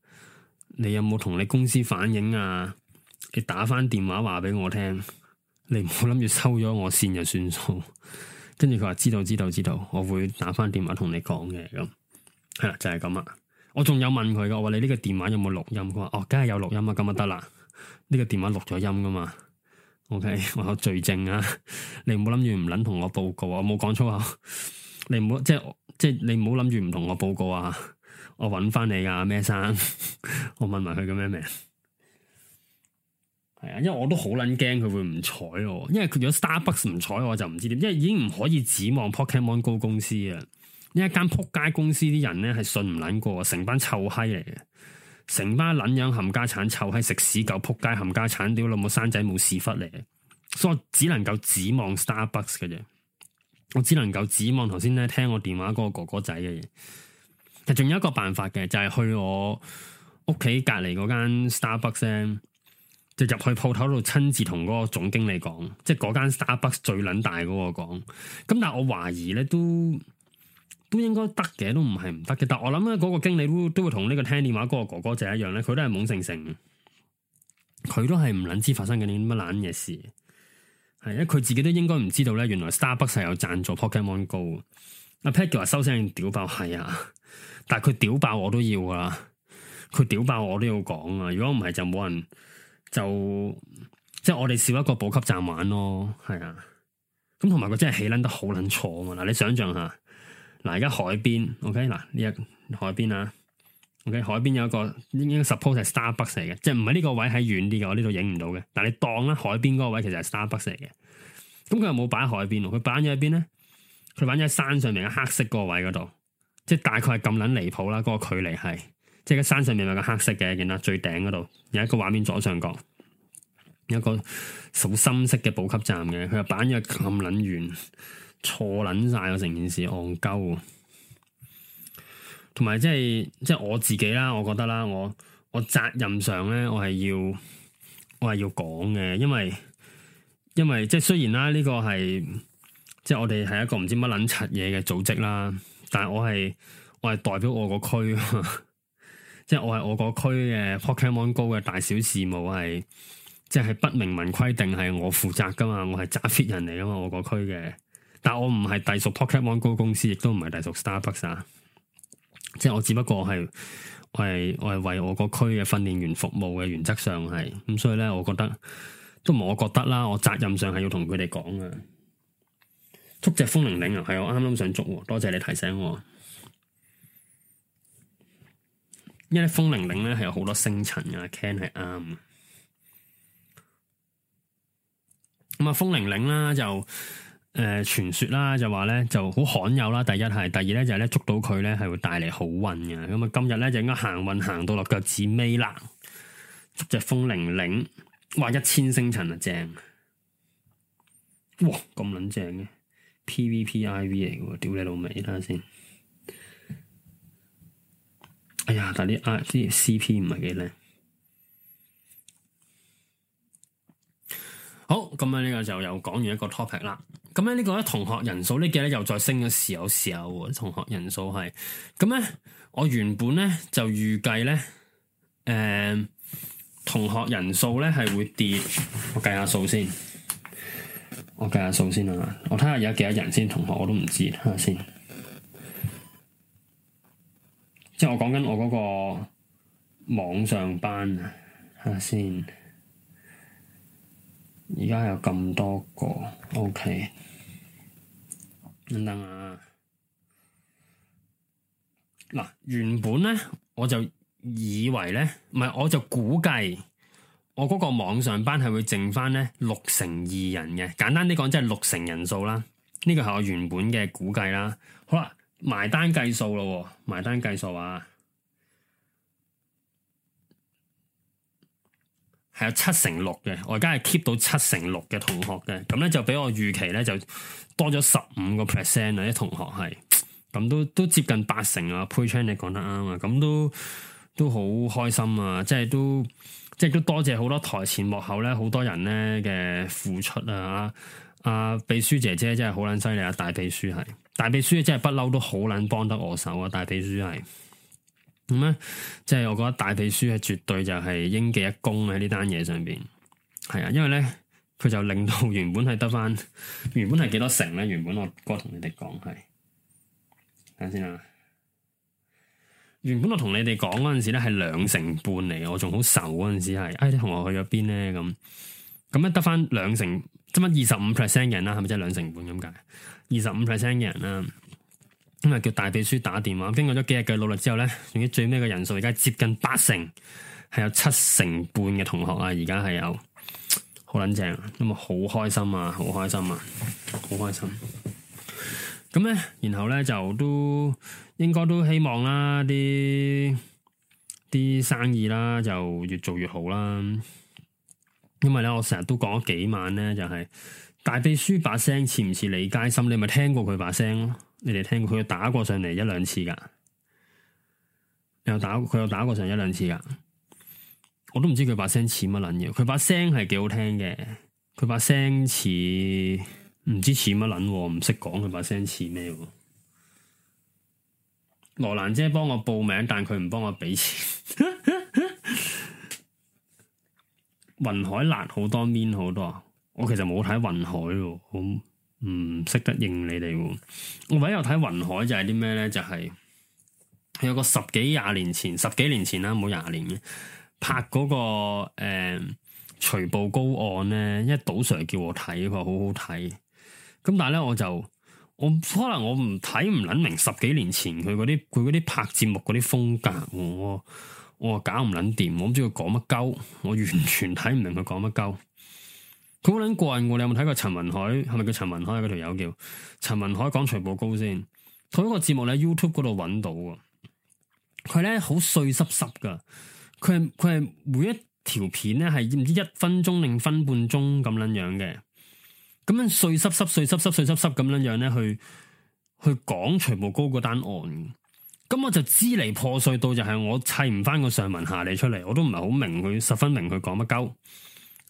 你有冇同你公司反映啊？你打翻電話話俾我聽，你唔好諗住收咗我線就算數。跟住佢話知道知道知道，我會打翻電話同你講嘅，咁係啦，就係咁啊。我仲有問佢噶，我話你呢個電話有冇錄音？佢話哦，梗係有錄音啊，咁就得啦，呢個電話錄咗音噶嘛。OK，我有罪證啊，你唔好諗住唔捻同我報告啊，我冇講粗口，你唔好即係即係你唔好諗住唔同我報告啊，我搵翻你噶，咩生？我問埋佢叫咩名？係啊，因為我都好捻驚佢會唔睬我，因為佢如果 Starbucks 唔睬我，我就唔知點，因為已經唔可以指望 Pokemon Go 公司啊。呢一間扑街公司啲人咧，係信唔卵過，成班臭閪嚟嘅，成班卵樣冚家鏟臭閪食屎狗扑街冚家鏟屌老母生仔冇屎忽嚟嘅，所以我只能夠指望 Starbucks 嘅啫，我只能夠指望頭先咧聽我電話嗰個哥哥仔嘅嘢。其實仲有一個辦法嘅，就係去我屋企隔籬嗰間 Starbucks 咧，就入去鋪頭度親自同嗰個總經理講，即係嗰間 Starbucks 最卵大嗰個講。咁但係我懷疑咧都。都應該得嘅，都唔係唔得嘅。但我諗咧，嗰個經理都都會同呢個聽電話嗰個哥哥仔一樣咧，佢都係懵盛盛，佢都係唔捻知發生緊啲乜捻嘢事。係啊，佢自己都應該唔知道咧。原來 Starbucks 係有贊助 Pokemon Go 啊。阿 Peggy 話收聲，屌爆係啊！但係佢屌爆我都要啊！佢屌爆我都要講啊！如果唔係就冇人就即係、就是、我哋少一個補給站玩咯。係啊，咁同埋佢真係起捻得好捻錯啊！嗱，你想象下。嗱，而家海邊，OK，嗱呢一海邊啊，OK，海邊有一個應該 suppose 係 Starbucks 嚟嘅，即係唔係呢個位喺遠啲嘅，我呢度影唔到嘅。但係你當啦，海邊嗰個位其實係 Starbucks 嚟嘅。咁佢又冇擺喺海邊咯，佢擺咗喺邊咧？佢擺咗喺山上面嘅黑色嗰個位嗰度，即係大概係咁撚離譜啦，嗰個距離係，即係個山上面有個黑色嘅，見到最頂嗰度有一個畫面左上角，有一個好深色嘅補給站嘅，佢又擺咗咁撚遠。錯捻晒我成件事戇鳩，同埋即係即係我自己啦，我覺得啦，我我責任上咧，我係要我係要講嘅，因為因為即係雖然啦，呢個係即係我哋係一個唔知乜捻柒嘢嘅組織啦，但係我係我係代表我 <laughs> 我個區，即係我係我個區嘅 Pokemon Go 嘅大小事務係，即係不明文規定係我負責噶嘛，我係揸 fit 人嚟噶嘛，我個區嘅。但我唔係隸屬 Pokémon Go 公司，亦都唔係隸屬 Starbucks 啊！即係我只不過係我係我係為我個區嘅訓練員服務嘅，原則上係咁，所以咧，我覺得都唔係我覺得啦，我責任上係要同佢哋講啊！捉隻風鈴鈴啊，係我啱啱想捉，多謝你提醒我。因為風鈴鈴咧係有好多星塵啊，Ken 係啱。咁啊，風鈴鈴啦就。誒、傳、呃、說啦，就話咧就好罕有啦。第一係，第二咧就係、是、咧捉到佢咧係會帶嚟好運嘅。咁啊，今日咧就應該行運行到落腳趾尾啦，捉隻風鈴鈴，哇，一千星塵啊，正，哇，咁撚正嘅，P V P I V 嚟嘅喎，屌你老味啦先，哎呀，但啲 I 啲 C P 唔係幾靚，好，咁啊呢個就又講完一個 topic 啦。咁咧呢個咧同學人數呢幾日又再升嘅時候時候喎，同學人數係咁咧，我原本咧就預計咧，誒、呃，同學人數咧係會跌，我計下數先，我計下數先啊，我睇下而家幾多人先，同學我都唔知，睇下先。即係我講緊我嗰個網上班啊，睇下先。而家有咁多個，OK。等等啊！嗱、嗯，原本咧我就以為咧，唔係我就估計我嗰個網上班係會剩翻咧六成二人嘅，簡單啲講即係六成人數啦。呢個係我原本嘅估計啦。好啦，埋單計數咯，埋單計數啊，係有七成六嘅，我而家係 keep 到七成六嘅同學嘅，咁咧就比我預期咧就。多咗十五個 percent 啊！啲同學係咁都都接近八成啊！Pusher 你講得啱啊！咁都都好開心啊！即係都即係都多謝好多台前幕後咧，好多人咧嘅付出啊！阿、啊、秘書姐姐真係好撚犀利啊！大秘書係大秘書真係不嬲都好撚幫得我手啊！大秘書係咁咧，即係我覺得大秘書係絕對就係應記一功喺呢單嘢上邊，係啊，因為咧。佢就令到原本係得翻，原本係幾多成咧？原本我哥同你哋講係睇下先啊。原本我同你哋講嗰陣時咧係兩成半嚟，我仲好愁嗰陣時係，哎啲同學去咗邊咧咁。咁咧得翻兩成，即係二十五 percent 嘅人啦，係咪即係兩成半咁解？二十五 percent 嘅人啦，咁啊叫大秘書打電話，經過咗幾日嘅努力之後咧，仲要最尾嘅人數而家接近八成，係有七成半嘅同學啊，而家係有。好撚正，咁啊好開心啊，好開心啊，好開心啊。咁咧，然後咧就都應該都希望啦，啲啲生意啦就越做越好啦。因為咧，我成日都講咗幾晚咧，就係、是、大鼻叔把聲似唔似李佳芯？你咪聽過佢把聲咯？你哋聽過佢打過上嚟一兩次噶，又打佢又打過上嚟一兩次噶。我都唔知佢把聲似乜撚嘢，佢把聲係幾好聽嘅。佢把聲似唔知似乜撚，唔識講佢把聲似咩。羅蘭姐幫我報名，但佢唔幫我俾錢。雲 <laughs> 海辣好多面好多，我其實冇睇雲海，好，唔識得認你哋。我唯有睇雲海就係啲咩呢？就係、佢、有個十幾廿年前，十幾年前啦，冇廿年嘅。拍嗰、那個誒、呃《徐步高案》咧，一賭 Sir 叫我睇，佢話好好睇。咁但係咧，我就我可能我唔睇唔捻明十幾年前佢嗰啲佢嗰啲拍節目嗰啲風格，我我話搞唔捻掂，我唔知佢講乜鳩，我完全睇唔明佢講乜鳩。佢好捻怪，你有冇睇過陳文海？係咪叫陳文海？嗰條友叫陳文海講《徐步高》先，同一個節目喺 YouTube 嗰度揾到啊。佢咧好碎濕濕噶。佢佢係每一條片咧，係唔知一分鐘定分半鐘咁樣樣嘅，咁樣碎濕濕碎濕濕碎濕濕咁樣樣咧，去去講徐步高嗰單案，咁我就支離破碎到就係我砌唔翻個上文下理出嚟，我都唔係好明佢十分明佢講乜鳩。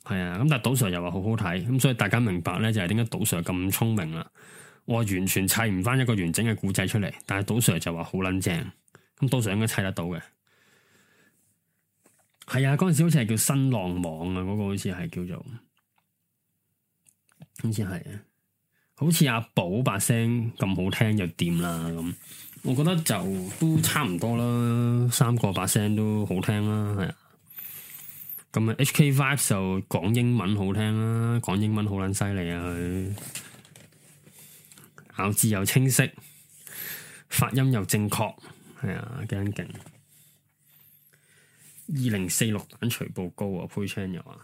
係啊，咁但係賭 Sir 又話好好睇，咁所以大家明白咧就係點解賭 Sir 咁聰明啦，我完全砌唔翻一個完整嘅故仔出嚟，但係賭 Sir 就話好撚正，咁賭 Sir 應該砌得到嘅。係啊，嗰陣時好似係叫新浪網啊，嗰、嗰個好似係叫做，好似係啊，好似阿寶把聲咁好聽就掂啦咁。我覺得就都差唔多啦，嗯、三個把聲都好聽啦，係啊。咁啊，H K Vibe 就講英文好聽啦，啊，講英文好撚犀利啊佢，咬字又清晰，發音又正確，係啊，幾咁勁。二零四六版徐步高啊，Pushing 又啊，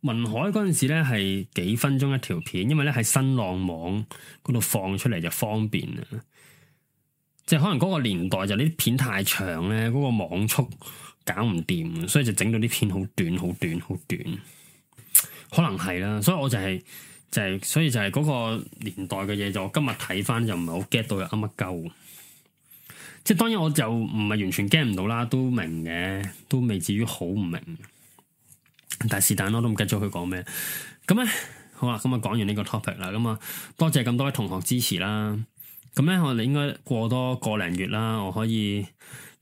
文海嗰陣時咧係幾分鐘一條片，因為咧喺新浪網嗰度放出嚟，就方便啊，即、就、係、是、可能嗰個年代就呢啲片太長咧，嗰、那個網速搞唔掂，所以就整到啲片好短、好短、好短，可能係啦，所以我就係、是、就係、是，所以就係嗰個年代嘅嘢，就我今日睇翻就唔係好 get 到，有啱乜鳩。即係當然，我就唔係完全 get 唔到啦，都明嘅，都未至於好唔明。但係是但，我都唔記得咗佢講咩。咁咧，好啊，咁、嗯、啊，講完呢個 topic 啦，咁啊，多謝咁多位同學支持啦。咁咧，我哋應該過多個零月啦，我可以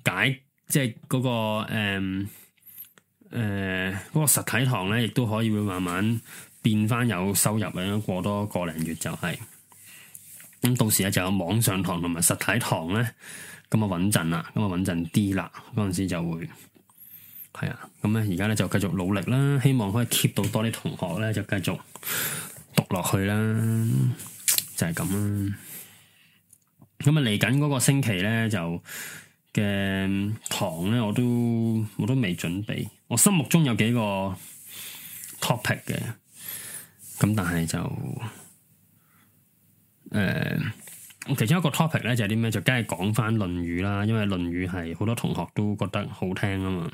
解即係、那、嗰個誒誒、呃呃嗰個實體堂咧，亦都可以會慢慢變翻有收入啊。過多個零月就係、是、咁，到時咧就有網上堂同埋實體堂咧。咁啊穩陣啦，咁啊穩陣啲啦，嗰陣時就會係啊，咁咧而家咧就繼續努力啦，希望可以 keep 到多啲同學咧就繼續讀落去啦，就係咁啦。咁啊嚟緊嗰個星期咧就嘅堂咧我都我都未準備，我心目中有幾個 topic 嘅，咁但係就誒。呃其中一個 topic 咧就係啲咩，就梗係講翻《論語》啦，因為《論語》係好多同學都覺得好聽啊嘛。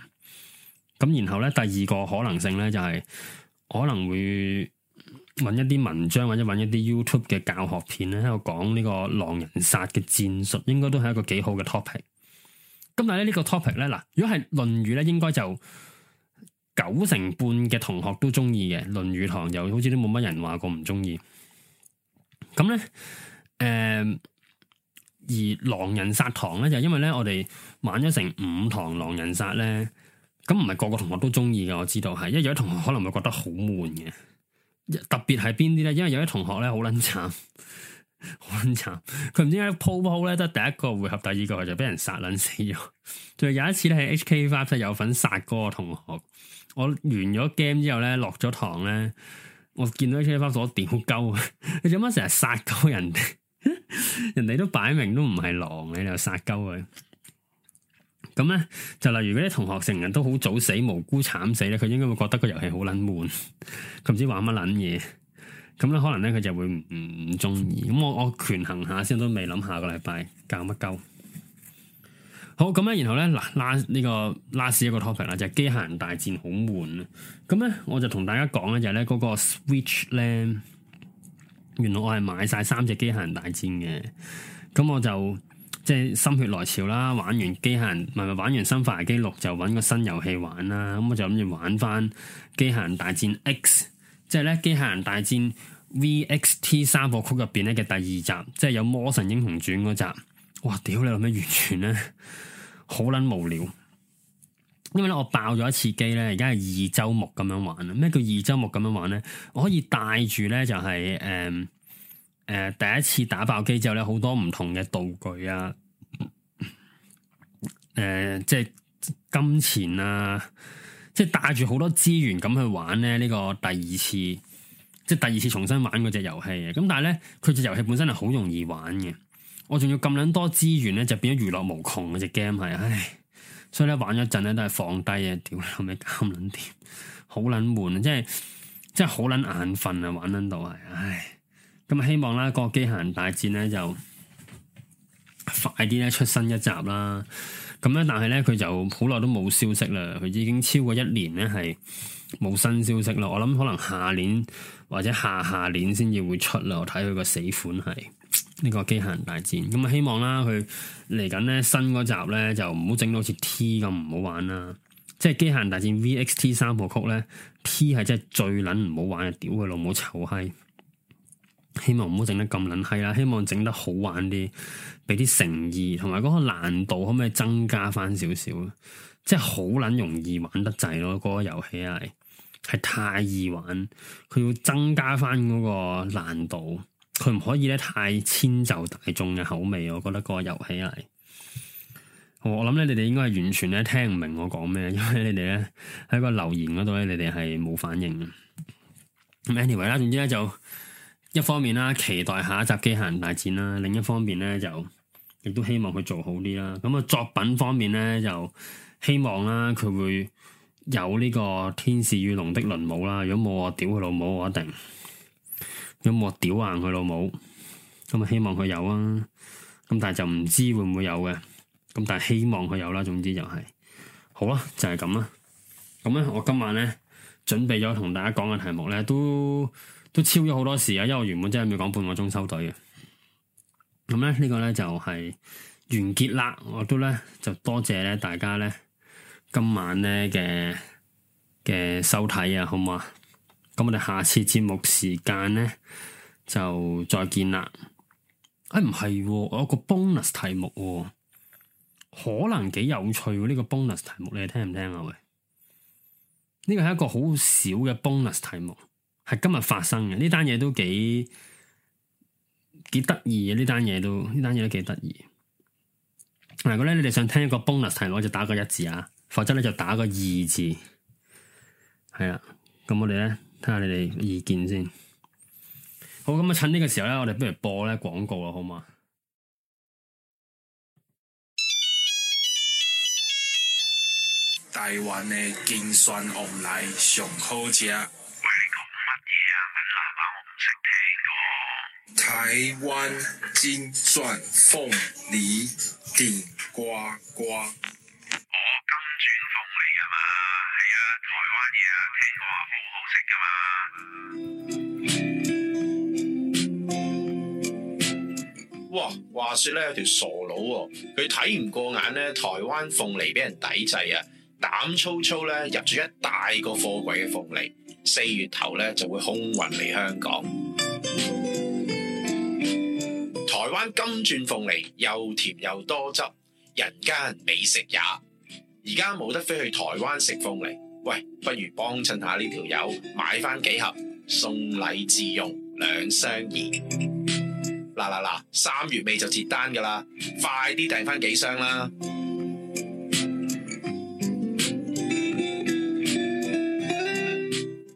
咁然後咧，第二個可能性咧就係、是、可能會搵一啲文章或者搵一啲 YouTube 嘅教學片咧，喺度講呢個狼人殺嘅戰術，應該都係一個幾好嘅 topic。咁但係咧呢個 topic 咧，嗱，如果係《論語》咧，應該就九成半嘅同學都中意嘅，《論語堂》又好似都冇乜人話過唔中意。咁咧。誒、嗯，而狼人殺堂咧就因為咧，我哋玩咗成五堂狼人殺咧，咁唔係個個同學都中意噶，我知道係，因為有啲同學可能會覺得好悶嘅，特別係邊啲咧？因為有啲同學咧好撚慘，好撚慘，佢唔知點解鋪鋪咧得第一個回合，第二個就俾人殺撚死咗，仲有一次咧喺 HK Five 有份殺嗰個同學，我完咗 game 之後咧落咗堂咧，我見到 HK Five 所屌鳩，你做乜成日殺鳩人？人哋都擺明都唔係狼嘅，你又殺鳩佢。咁咧就例如嗰啲同學成日都好早死，無辜慘死咧，佢應該會覺得個遊戲好撚悶，唔 <laughs> 知玩乜撚嘢。咁咧可能咧佢就會唔中意。咁我我權衡下先，都未諗下個禮拜搞乜鳩。好，咁咧然後咧嗱，拉呢、這個 last 一個 topic 啦，就係、是、機械人大戰好悶，咁咧我就同大家講咧，就咧嗰個 switch 咧。原來我係買晒三隻機械人大戰嘅，咁我就即係心血來潮啦，玩完機械人唔係玩完新《凡人紀錄》就搵個新遊戲玩啦，咁我就諗住玩翻《機械人大戰 X》，即係咧《機械人大戰 VXT》三部曲入邊咧嘅第二集，即係有《魔神英雄傳》嗰集，哇！屌你諗咩完全咧，好 <laughs> 捻無聊。因為咧我爆咗一次機咧，而家係二週目咁樣玩。咩叫二週目咁樣玩咧？我可以帶住咧就係誒誒，第一次打爆機之後咧，好多唔同嘅道具啊，誒、呃，即係金錢啊，即係帶住好多資源咁去玩咧呢、呢個第二次，即係第二次重新玩嗰隻遊戲。咁但係咧，佢隻遊戲本身係好容易玩嘅，我仲要咁撚多資源咧，就變咗娛樂無窮嗰隻 game 係，唉。哎所以咧玩咗陣咧都係放低啊！屌你咪搞卵掂，好卵悶，即係即係好卵眼瞓啊！玩撚到係，唉，咁希望啦，個機械人大戰咧就快啲咧出新一集啦。咁咧，但係咧佢就好耐都冇消息啦，佢已經超過一年咧係冇新消息啦。我諗可能下年或者下下年先至會出啦。我睇佢個死款係。.呢個機械人大戰咁啊、嗯，希望啦，佢嚟緊咧新嗰集咧就唔好整到好似 T 咁唔好玩啦。即係機械人大戰 VXT 三部曲咧，T 係真係最撚唔好玩嘅，屌佢老母臭閪！希望唔好整得咁撚閪啦，希望整得好玩啲，俾啲誠意同埋嗰個難度可唔可以增加翻少少？即係好撚容易玩得滯咯，嗰、那個遊戲係係太易玩，佢要增加翻嗰個難度。佢唔可以咧太遷就大眾嘅口味，我覺得個遊戲係，我諗咧，你哋應該係完全咧聽唔明我講咩，因為你哋咧喺個留言嗰度咧，你哋係冇反應嘅。Anyway 啦，總之咧就一方面啦，期待下一集機械人大戰啦；另一方面咧，就亦都希望佢做好啲啦。咁啊，作品方面咧就希望啦，佢會有呢個天使與龍的輪舞啦。如果冇我屌佢老母，我一定。有冇屌硬佢老母？咁啊，希望佢有啊。咁但係就唔知會唔會有嘅。咁但係希望佢有啦、啊。總之就係、是、好啊，就係咁啦。咁、嗯、咧，我今晚咧準備咗同大家講嘅題目咧，都都超咗好多時啊。因為我原本真係要講半個、嗯這個鐘收隊嘅。咁咧，呢個咧就係、是、完結啦。我都咧就多謝咧大家咧今晚咧嘅嘅收睇啊，好唔好？咁我哋下次節目時間咧就再見啦。誒，哎，唔係，哦，我有個 bonus 題目哦，可能幾有趣。呢個 bonus 題目你哋聽唔聽啊？喂，呢個係一個好少嘅 bonus 題目，係今日發生嘅。呢單嘢都幾幾得意嘅，呢單嘢都呢單嘢都幾得意。嗱，如果咧你哋想聽一個 bonus 題目，我就打個一字啊，否則咧就打個二字。係啊，咁我哋咧。睇下你哋意見先。好，咁啊趁呢個時候咧，我哋不如播咧廣告啦，好嗎？台灣嘅金鑽鳳梨最好食，台灣金鑽鳳梨頂呱呱。嘢啊！聽講話好好食噶嘛！哇！話説咧，有條傻佬，佢睇唔過眼咧，台灣鳳梨俾人抵制啊！膽粗粗咧，入咗一大個貨櫃嘅鳳梨，四月頭咧就會空運嚟香港。台灣金鑽鳳梨又甜又多汁，人間美食也。而家冇得飛去台灣食鳳梨。喂，不如幫襯下呢條友，買翻幾盒送禮自用，兩相宜。嗱嗱嗱，三月尾就截單噶啦，快啲訂翻幾箱啦。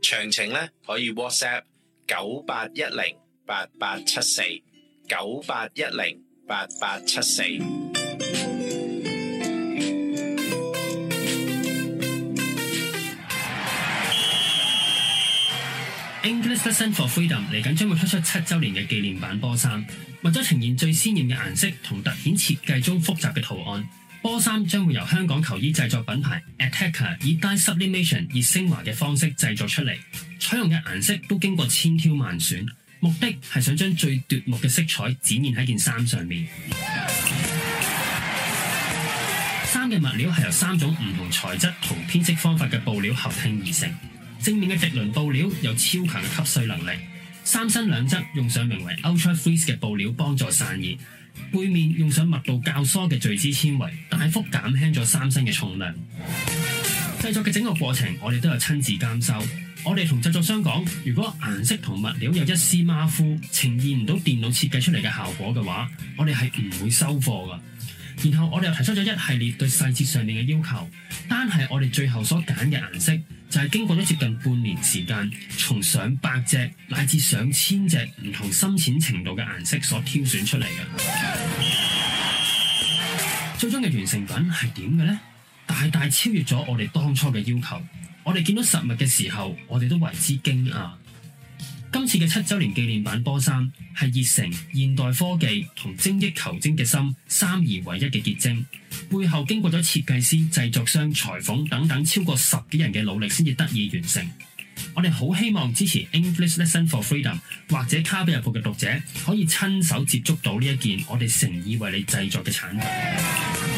詳 <noise> 情咧可以 WhatsApp 九八一零八八七四，九八一零八八七四。Fashion For Freedom 嚟緊將會推出七周年嘅紀念版波衫，為咗呈現最鮮艷嘅顏色同特顯設計中複雜嘅圖案，波衫將會由香港球衣製作品牌 Attacker 以 dye sublimation 以升華嘅方式製作出嚟，採用嘅顏色都經過千挑萬選，目的係想將最奪目嘅色彩展現喺件衫上面。衫嘅物料係由三種唔同材質同編織方法嘅布料合拼而成。正面嘅滌綸布料有超強嘅吸水能力，三身兩側用上名為 Ultra Freeze 嘅布料幫助散熱，背面用上密度較疏嘅聚酯纖維，大幅減輕咗三身嘅重量。製 <noise> 作嘅整個過程我哋都有親自監修，我哋同製作商講，如果顏色同物料有一絲馬虎，呈現唔到電腦設計出嚟嘅效果嘅話，我哋係唔會收貨噶。然後我哋又提出咗一系列對細節上面嘅要求，單係我哋最後所揀嘅顏色就係經過咗接近半年時間，從上百隻乃至上千隻唔同深淺程度嘅顏色所挑選出嚟嘅。 <noise> 最終嘅完成品係點嘅呢？大大超越咗我哋當初嘅要求，我哋見到實物嘅時候，我哋都為之驚訝。今次嘅七周年紀念版波衫係熱誠、現代科技同精益求精嘅心三而為一嘅結晶，背後經過咗設計師、製作商、裁縫等等超過十幾人嘅努力先至得以完成。我哋好希望支持《English Lesson for Freedom》或者《卡比日報》嘅讀者可以親手接觸到呢一件我哋誠意為你製作嘅產品。Yeah!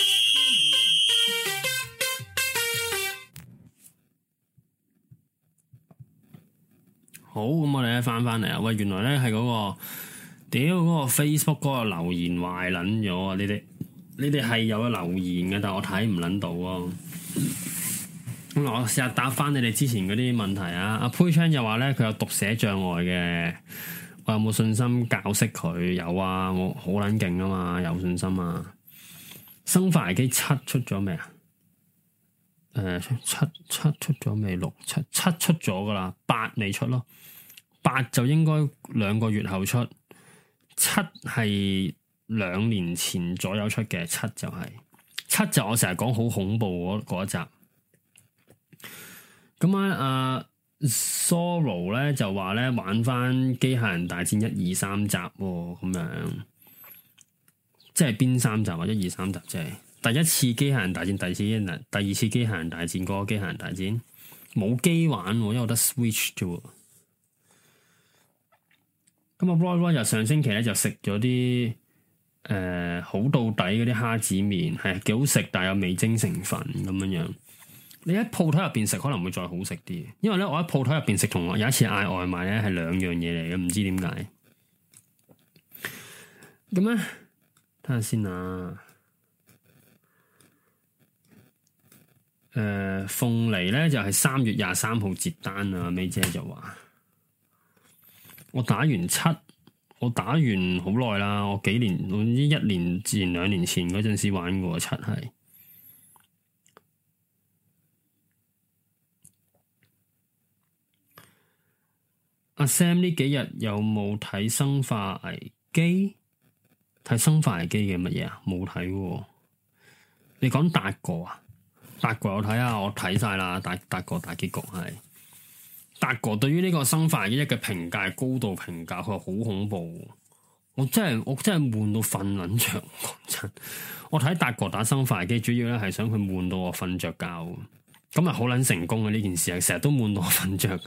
好，咁我哋咧翻翻嚟啊！喂，原來咧係嗰個屌嗰、嗰個 Facebook 嗰個留言壞捻咗啊！呢啲你哋係有留言嘅，但係我睇唔捻到啊！咁、嗯、我試下答翻你哋之前嗰啲問題啊！阿潘昌又話咧佢有讀寫障礙嘅，我有冇信心教識佢？有啊，我好捻勁啊嘛，有信心啊！生化危機七出咗未啊？誒、呃，七七出咗未？六七七出咗噶啦，八未出咯。八就應該兩個月後出。七係兩年前左右出嘅，七就係、是、七就我成日講好恐怖嗰一集。咁啊，阿、啊、Sorrow 咧就話咧玩返《機械人大戰》一二三集咁、哦、樣，即係邊三集或者一二三集即係。第一次機械人大戰，第二次嗱，第二次機械人大戰嗰、嗰個機械人大戰冇機玩、啊，因為我得 Switch 啫。咁啊，Roy Roy 就上星期咧就食咗啲誒好到底嗰啲蝦子麵，係幾好食，但係有味精成分咁樣樣。你喺鋪頭入邊食可能會再好食啲，因為咧我喺鋪頭入邊食同我有一次嗌外賣咧係兩樣嘢嚟嘅，唔知點解。咁啊，睇下先啊。誒、鳳、呃、梨咧就係、是、三月廿三號截單啊！美姐就話我打完七，我打完好耐啦，我幾年我之一年前、兩年前嗰陣時玩過七係阿、啊、Sam 呢幾日有冇睇生化危機？睇生化危機嘅乜嘢啊？冇睇喎，你講達哥啊？達哥，我睇下，我睇曬啦。達達哥大結局係達哥對於呢個生化危機一嘅評價係高度評價，佢話好恐怖。我真係我真係悶到瞓撚着，講真。 <laughs> 我睇達哥打生化危機主要咧係想佢悶到我瞓着覺。咁啊好撚成功嘅呢件事 <laughs> 啊，成日都悶到我瞓着。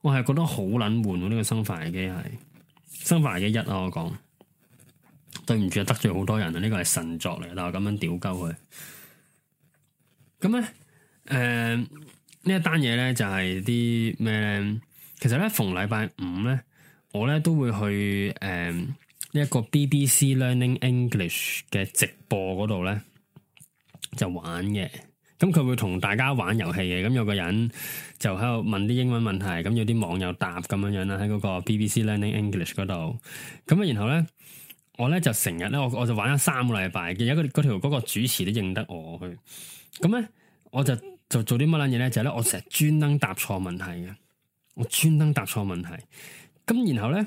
我係覺得好撚悶，呢個生化危機係生化危機一啊。我講對唔住得罪好多人啊，呢個係神作嚟，但係咁樣屌鳩佢。咁咧，誒，呃、一呢、就是、一單嘢咧就係啲咩咧？其實咧，逢禮拜五咧，我咧都會去誒呢一個 BBC Learning English 嘅直播嗰度咧就玩嘅。咁佢會同大家玩遊戲嘅。咁有個人就喺度問啲英文問題，咁有啲網友答咁樣樣啦。喺嗰個 BBC Learning English 嗰度，咁啊，然後咧我咧就成日咧，我呢就我，我就玩咗三個禮拜，而家嗰嗰條嗰個主持都認得我去。咁咧，我就就做啲乜捻嘢咧？就係咧，我成日專登答錯問題嘅，我專登答錯問題。咁然後咧，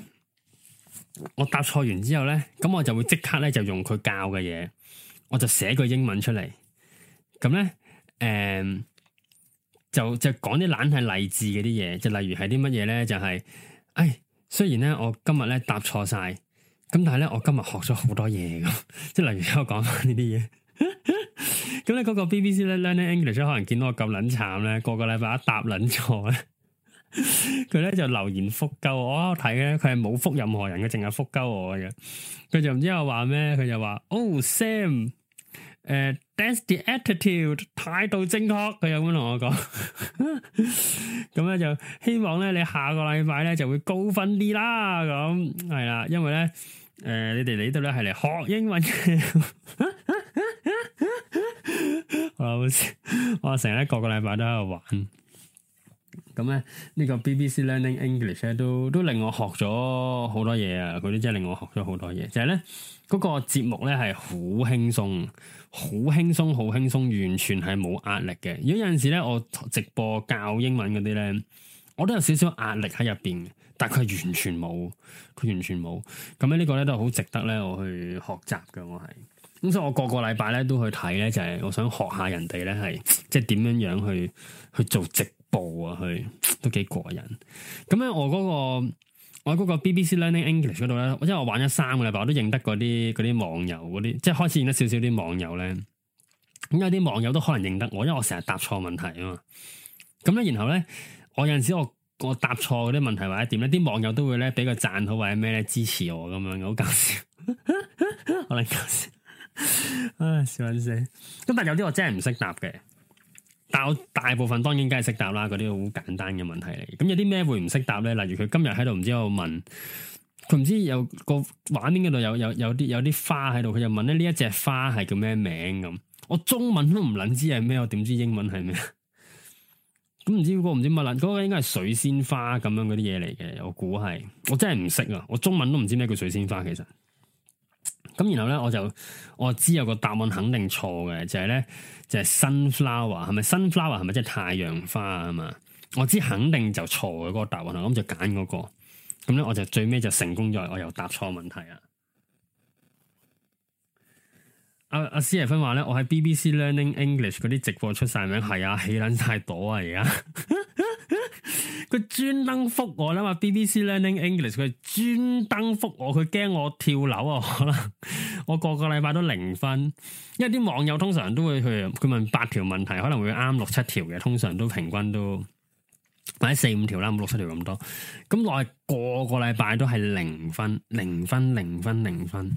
我答錯完之後咧，咁我就會即刻咧就用佢教嘅嘢，我就寫個英文出嚟。咁咧，誒、嗯，就就講啲懶係勵志嗰啲嘢，就例、例如係啲乜嘢咧？就係，哎，雖然咧我今日咧答錯晒，咁但係咧我今日學咗好多嘢嘅，即 <laughs> 係例如我講呢啲嘢。 <laughs> 咁咧嗰個 BBC 咧 Learning English 咧，可能見到我咁撚慘咧，個個禮拜一答撚錯咧，佢咧就留言覆鳩我。我睇咧佢係冇覆任何人嘅，佢淨係覆鳩我嘅。佢就唔知我話咩，佢就話 Oh Sam，誒，That's the attitude，態度正確。佢有冇同我講？咁咧就希望咧你下個禮拜咧就會高分啲啦。咁係啦，因為咧誒，你哋嚟到咧係嚟學英文嘅。我我成日各個禮拜都喺度玩，咁咧呢、呢個 BBC Learning English 咧、啊、都都令我學咗好多嘢啊！佢啲真係令我學咗好多嘢，就係咧嗰個節目咧係好輕鬆，好輕鬆，好輕鬆，完全係冇壓力嘅。如果有陣時咧我直播教英文嗰啲咧，我都有少少壓力喺入邊，但佢係完全冇，佢完全冇。咁咧呢個咧都係好值得咧我去學習嘅，我係。咁所以我個個禮拜咧都去睇咧，就係我想學下人哋咧，係即係點樣樣去去做直播啊，去都幾過癮。咁咧我嗰、嗰個我嗰個 BBC Learning English 度咧，即係我玩咗三個禮拜，我都認得嗰啲嗰啲網友嗰啲，即係開始認得少少啲網友咧。咁有啲網友都可能認得我，因為我成日答錯問題啊嘛。咁咧然後咧，我有陣時我我答錯嗰啲問題或者點咧，啲網友都會咧俾個讚好或者咩咧支持我咁樣，好搞笑，好搞笑。唉，笑死！咁但係有啲我真係唔識答嘅，但係我大部分當然梗係識答啦，嗰啲好簡單嘅問題嚟。咁有啲咩會唔識答咧？例如佢今日喺度唔知我問佢，唔知有個畫面嗰度有有有啲有啲花喺度，佢就問咧呢一隻花係叫咩名咁？我中文都唔捻知係咩，我點知英文係咩？咁唔知嗰個唔知乜捻，嗰個應該係水仙花咁樣嗰啲嘢嚟嘅，我估係我真係唔識啊！我中文都唔知咩叫水仙花，其實。咁然後咧，我就我知有個答案肯定錯嘅，就係、是、咧，就係、是、sunflower，係咪 sunflower 係咪即係太陽花啊嘛？我知肯定就錯嘅嗰個答案，我諗就揀嗰、那個。咁咧，我就最尾就成功咗，我又答錯問題 <laughs> 啊！阿阿施爺芬話咧，我喺 BBC Learning English 嗰啲直播出晒名，係啊，起撚晒朵啊而家。 <laughs> 佢專登複我啦嘛，BBC Learning English 佢專登複我，佢驚我跳樓啊！可 <laughs> 能我個個禮拜都零分，因為啲網友通常都會去。佢問八條問題，可能會啱六七條嘅，通常都平均都或者四五條啦，冇六七條咁多。咁我係個個禮拜都係零分，零分零分零分，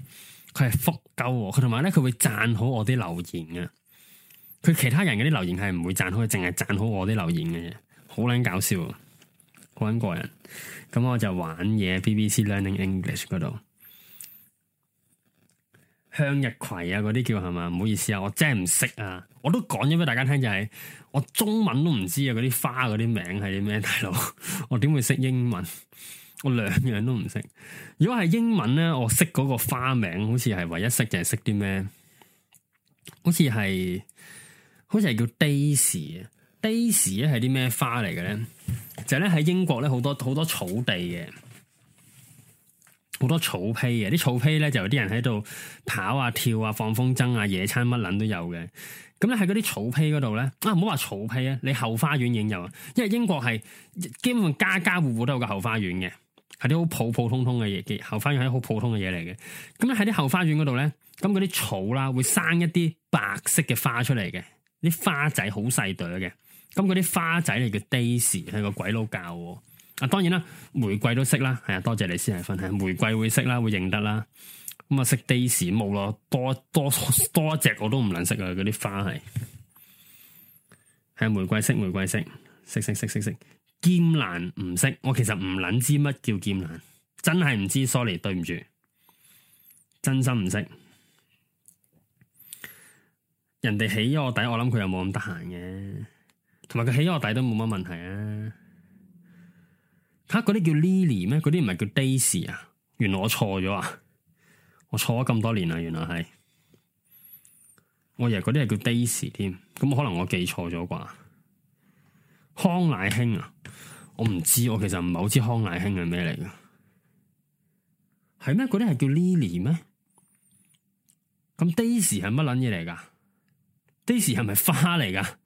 佢係複鳩我，佢同埋咧佢會讚好我啲留言嘅，佢其他人嗰啲留言係唔會讚好，佢淨係讚好我啲留言嘅。好捻搞笑，啊，好捻過癮，咁我就玩嘢。BBC Learning English 嗰度，向日葵啊，嗰啲叫係嘛？唔好意思啊，我真係唔識啊！我都講咗俾大家聽，就係、是、我中文都唔知啊。嗰啲花嗰啲名係啲咩，大佬？我點會識英文？我兩樣都唔識。如果係英文咧，我識嗰個花名，好似係唯一識，就係識啲咩？好似係，好似係叫 daisy 啊。啲時咧係啲咩花嚟嘅咧？就咧、是、喺英國咧好多好多草地嘅，好多草坯嘅。啲草坯咧就有啲人喺度跑啊跳啊放風箏啊野餐乜撚都有嘅。咁咧喺嗰啲草坯嗰度咧啊，唔好話草坯啊，你後花園影有啊，因為英國係基本上家家戶戶都有個後花園嘅，係啲好普普通通嘅嘢嘅後花園係好普通嘅嘢嚟嘅。咁咧喺啲後花園嗰度咧，咁嗰啲草啦、啊、會生一啲白色嘅花出嚟嘅，啲花仔好細朵嘅。咁嗰啲花仔嚟叫 daisy 係個鬼佬教，啊當然啦，玫瑰都識啦，係啊，多謝你先嚟分享，玫瑰會識啦，會認得啦。咁啊識 daisy 冇咯，多多多隻我都唔能識啊，嗰啲花係係 <laughs> 玫瑰色，玫瑰色，識識識識識，劍蘭唔識，我其實唔捻知乜叫劍蘭，真係唔知，sorry，對唔住，真心唔識。人哋起咗我底，我諗佢又冇咁得閒嘅。同埋佢起咗個底都冇乜問題啊！佢嗰啲叫 Lily 咩？嗰啲唔係叫 Daisy 啊？原來我錯咗啊！我錯咗咁多年啦，原來係我以為嗰啲係叫 Daisy 添，咁可能我記錯咗啩？康乃馨啊？我唔知我其實唔係好知康乃馨係咩嚟嘅，係咩？嗰啲係叫 Lily 咩？咁 Daisy 係乜捻嘢嚟噶？Daisy 係咪花嚟噶？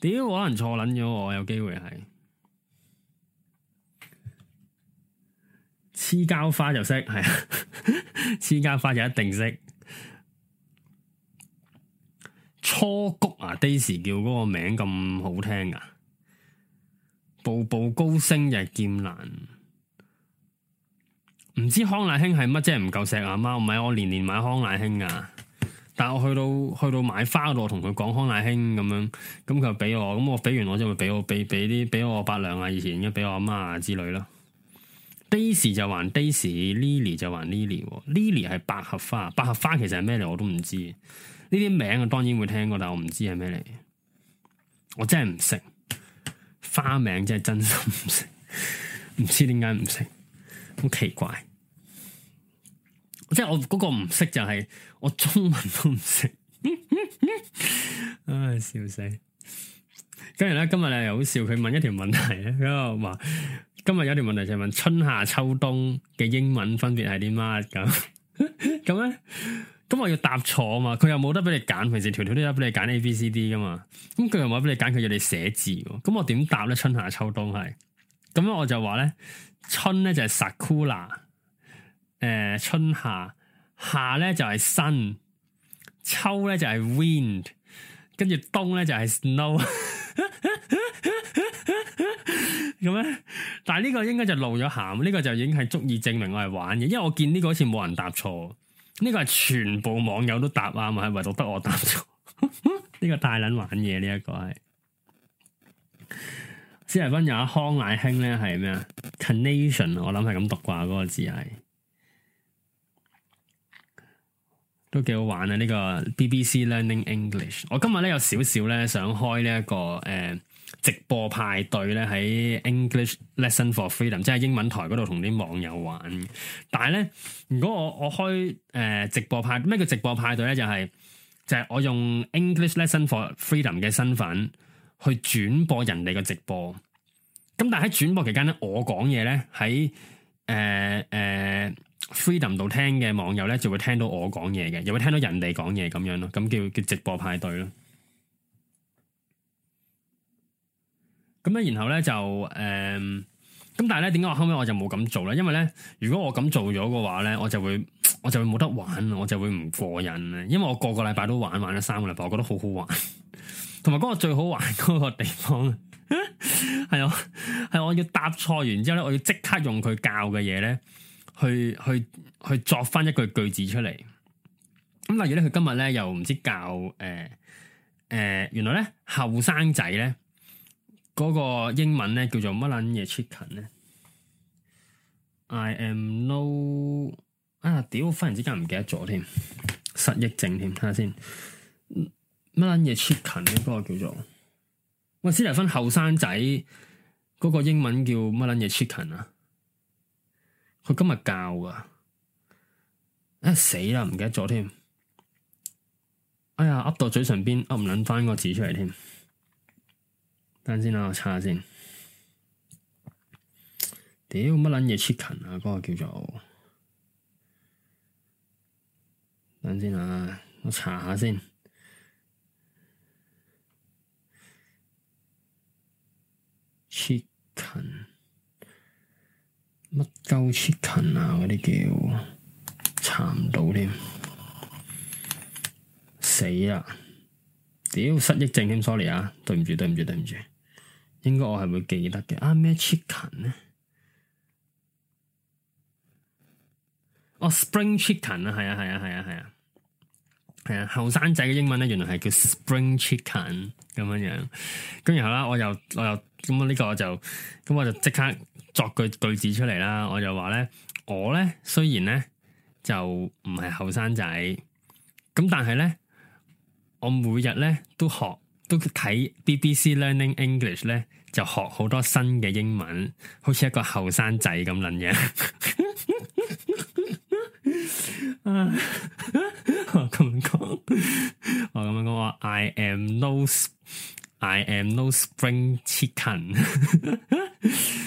屌，可能錯捻咗我有機，有機會係黐膠花就識，係啊，黐膠花就一定識。雛菊啊，Daisy 叫嗰個名咁好聽噶、啊，步步高升日劍蘭。唔、就是、知康乃馨係乜，啫、啊？唔夠錫阿媽，唔係我年年買康乃馨啊。但係我去到去到買花嗰度，同佢講康乃馨咁樣，咁佢就俾我，咁我俾完我就會俾我俾俾啲俾我伯娘啊，以前而家俾我阿媽啊之類啦。Daisy 就還 Daisy，Lily 就還 Lily，Lily 係百合花，百合花其實係咩嚟我都唔知，呢啲名我當然會聽過，但係我唔知係咩嚟，我真係唔識花名真的真的，真係真心唔識，唔知點解唔識，好奇怪。即係我嗰個唔識就係我中文都唔識， <laughs> 唉，笑死！跟住咧今日咧又好笑，佢問一條問題咧，我話今日有條問題就係問春夏秋冬嘅英文分別係啲乜咁咁咧？咁 <laughs> 我要答錯啊嘛！佢又冇得俾你揀，平時條條都得俾你揀 A、B、C、D 噶嘛。咁佢又冇得俾你揀，佢要你寫字，咁我點答咧？春夏秋冬係咁咧，我就話咧，春咧就係 sakura 誒、呃，春夏夏咧就係、是、sun，秋咧就係、是、wind，跟住冬咧就係、是、snow 咁樣。 <laughs> <laughs> 但係呢個應該就露咗餡，呢、這個就已經係足以證明我係玩嘅，因為我見呢個好似冇人答錯，呢、這個係全部網友都答啱啊，唯獨得我答錯。呢 <laughs> 個大撚玩嘢，呢、這、一個係斯萊芬有一康乃馨咧，係咩啊 carnation 我諗係咁讀啩，嗰、那個字係。都幾好玩啊！呢、這個 BBC Learning English，我今日咧有少少咧想開呢、這、一個誒、呃、直播派對咧，喺 English Lesson for Freedom，即係英文台嗰度同啲網友玩。但係咧，如果我我開誒直播派咩叫直播派對咧，就係、是、就係我用 English Lesson for Freedom 嘅身份去轉播人哋嘅直播。咁但係喺轉播期間咧，我講嘢咧喺誒誒。Freedom 度聽嘅網友呢就會聽到我講嘢嘅，又會聽到人哋講嘢噉樣囉，噉叫叫直播派對囉。噉呢，然後呢就，噉但係呢，點解我後尾我就冇噉做呢?因為呢，如果我噉做咗嘅話呢,我就會，我就會冇得玩，我就會唔過癮啊。因為我個個禮拜都玩，玩咗，三個禮拜我覺得好好玩。同埋嗰個我最好玩嗰個地方，係啊，係我要答錯完之後呢,我要即刻用佢教嘅嘢呢。 <coughs> 去去去作翻一句句子出嚟，咁例如咧，佢今日咧又唔知教，誒誒，原來咧後生仔咧嗰個英文咧叫做乜撚嘢 chicken 咧？I am no 啊屌！忽然之間唔記得咗添，失憶症添，睇下先乜撚嘢 chicken 呢？嗰個叫做喂，史提芬後生仔嗰個英文叫乜撚嘢 chicken 啊？佢今日教啊！哎死啦，唔記得咗添。哎呀，噏到嘴唇邊，噏唔捻翻個字出嚟添。等先啦，我查下先。屌乜捻嘢？Chicken 啊，嗰個叫做。等先啊，我查下先。Chicken。乜鳩 chicken 啊？嗰啲叫查唔到添，死啦！屌、呃、失憶症添，sorry 啊，對唔住對唔住對唔住，應該我係會記得嘅啊？咩 chicken 呢？哦，spring chicken 啊，係啊係啊係啊係啊，係啊後生仔嘅英文咧，原來係叫 spring chicken 咁樣樣。咁然後啦，我又我又咁啊呢個就咁我就即、嗯這個嗯、刻。作句句子出嚟啦，我就話咧，我咧雖然咧就唔係後生仔，咁但係咧，我每日咧都學，都睇 BBC Learning English 咧，就學好多新嘅英文，好似一個後生仔咁樣嘅。我咁樣講，我咁樣講，話 I am no I am no spring chicken。 <laughs>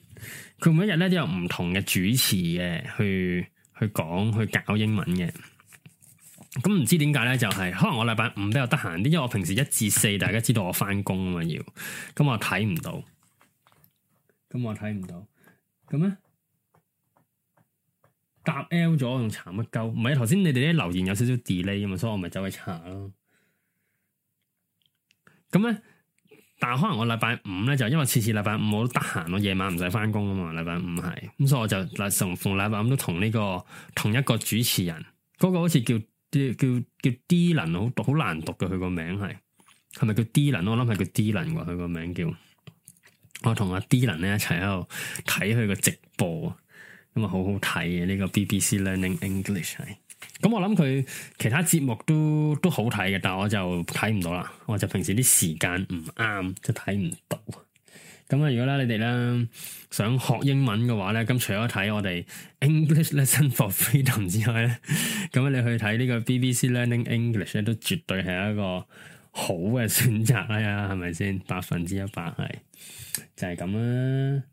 佢每一日咧都有唔同嘅主持嘅去去講去教英文嘅，咁唔知點解咧就係、是、可能我禮拜五比較得閒啲，因為我平時一至四大家知道我翻工啊嘛要，咁我睇唔到，咁我睇唔到，咁咧答 L 咗用查乜鳩？唔係頭先你哋咧留言有少少 delay 啊嘛，所以我咪走去查咯，咁咧。但係可能我禮拜五咧，就因為次次禮拜五我都得閒咯，夜晚唔使翻工啊嘛，禮拜五係，咁所以我就成逢禮拜五都同呢、這個同一個主持人，嗰、那個好似叫叫叫，叫 Dylan，好好難讀嘅佢個名係，係咪叫 Dylan？我諗係叫 Dylan 啩，佢個名叫，我同阿 Dylan 咧一齊喺度睇佢個直播，咁啊好好睇嘅呢個 BBC Learning English 係。咁我諗佢其他節目都都好睇嘅，但係我就睇唔到啦，我就平時啲時間唔啱，即係睇唔到。咁啊，如果咧你哋咧想學英文嘅話咧，咁除咗睇我哋 English Lesson for Freedom 之外咧，咁你去睇呢個 BBC Learning English 咧，都絕對係一個好嘅選擇啦，啊，係咪先？百分之一百係，就係咁啦。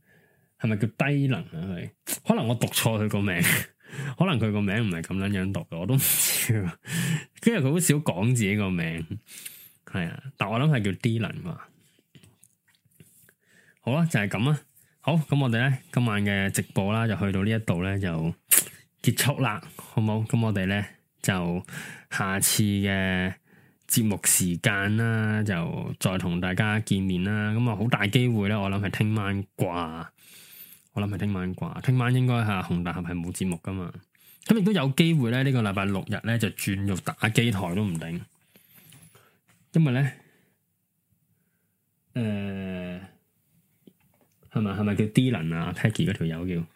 係咪叫低能啊？佢可能我讀錯佢個名。可能佢個名唔係咁樣樣讀嘅，我都唔知。因為佢好少講自己個名，係啊。但我諗係叫 Dylan 啩。好啦，就係咁啦。好，咁我哋咧今晚嘅直播啦，就去到呢一度咧就結束啦，好冇？咁我哋咧就下次嘅節目時間啦，就再同大家見面啦。咁啊，好大機會咧，我諗係聽晚啩。我諗係聽晚啩，聽晚應該係熊大俠係冇節目噶嘛，咁亦都有機會咧。呢個禮拜六日咧就轉入打機台都唔定，因為咧，誒，係咪係咪叫 Dylan 啊？Terry 嗰條友叫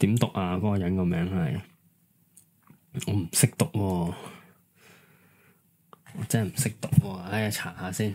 點讀啊？嗰個人個名係，我唔識讀喎，我真係唔識讀喎，哎查下先。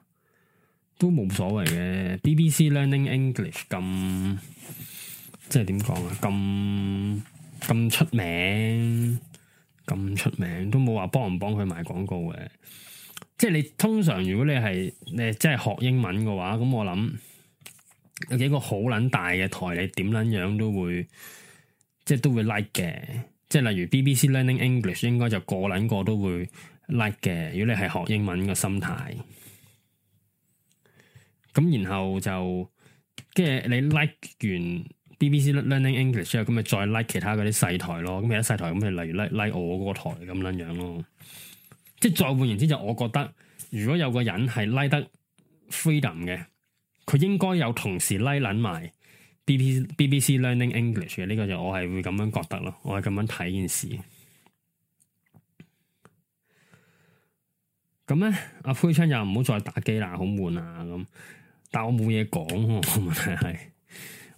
都冇所謂嘅，BBC Learning English 咁，即係點講啊？咁咁出名，咁出名都冇話幫唔幫佢賣廣告嘅。即係你通常如果你係你即係學英文嘅話，咁我諗有幾個好捻大嘅台，你點捻樣都會，即係都會 like 嘅。即係例如 BBC Learning English，應該就個捻個都會 like 嘅。如果你係學英文嘅心態。咁然後就，跟住你 like 完 BBC Learning English 之後，咁咪再 like 其他嗰啲細台咯。咁有啲細台，咁咪例如 like like 我嗰個台咁樣樣咯。即係再換言之，就我覺得如果有個人係 like 得 Freedom 嘅，佢應該有同時 like 捻埋 BBC BBC Learning English 嘅。呢個就我係會咁樣覺得咯，我係咁樣睇件事。咁咧，阿 p u 又唔好再打機啦，好悶啊咁。但我冇嘢講，問題係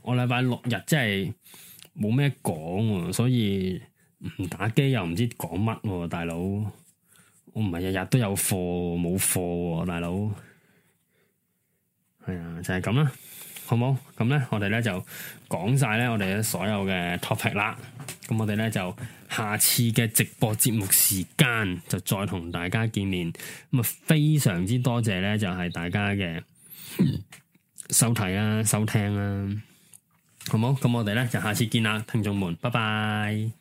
我禮拜六日即係冇咩講，所以唔打機又唔知講乜。啊，大佬我唔係日日都有課，冇課。啊，大佬係啊，就係咁啦，好冇？咁咧，我哋咧就講晒咧我哋嘅所有嘅 topic 啦。咁我哋咧就下次嘅直播節目時間就再同大家見面。咁啊，非常之多謝咧，就係、是、大家嘅。收睇啦、啊，收聽啦、啊，好冇？咁我哋咧就下次見啦，聽眾們，拜拜。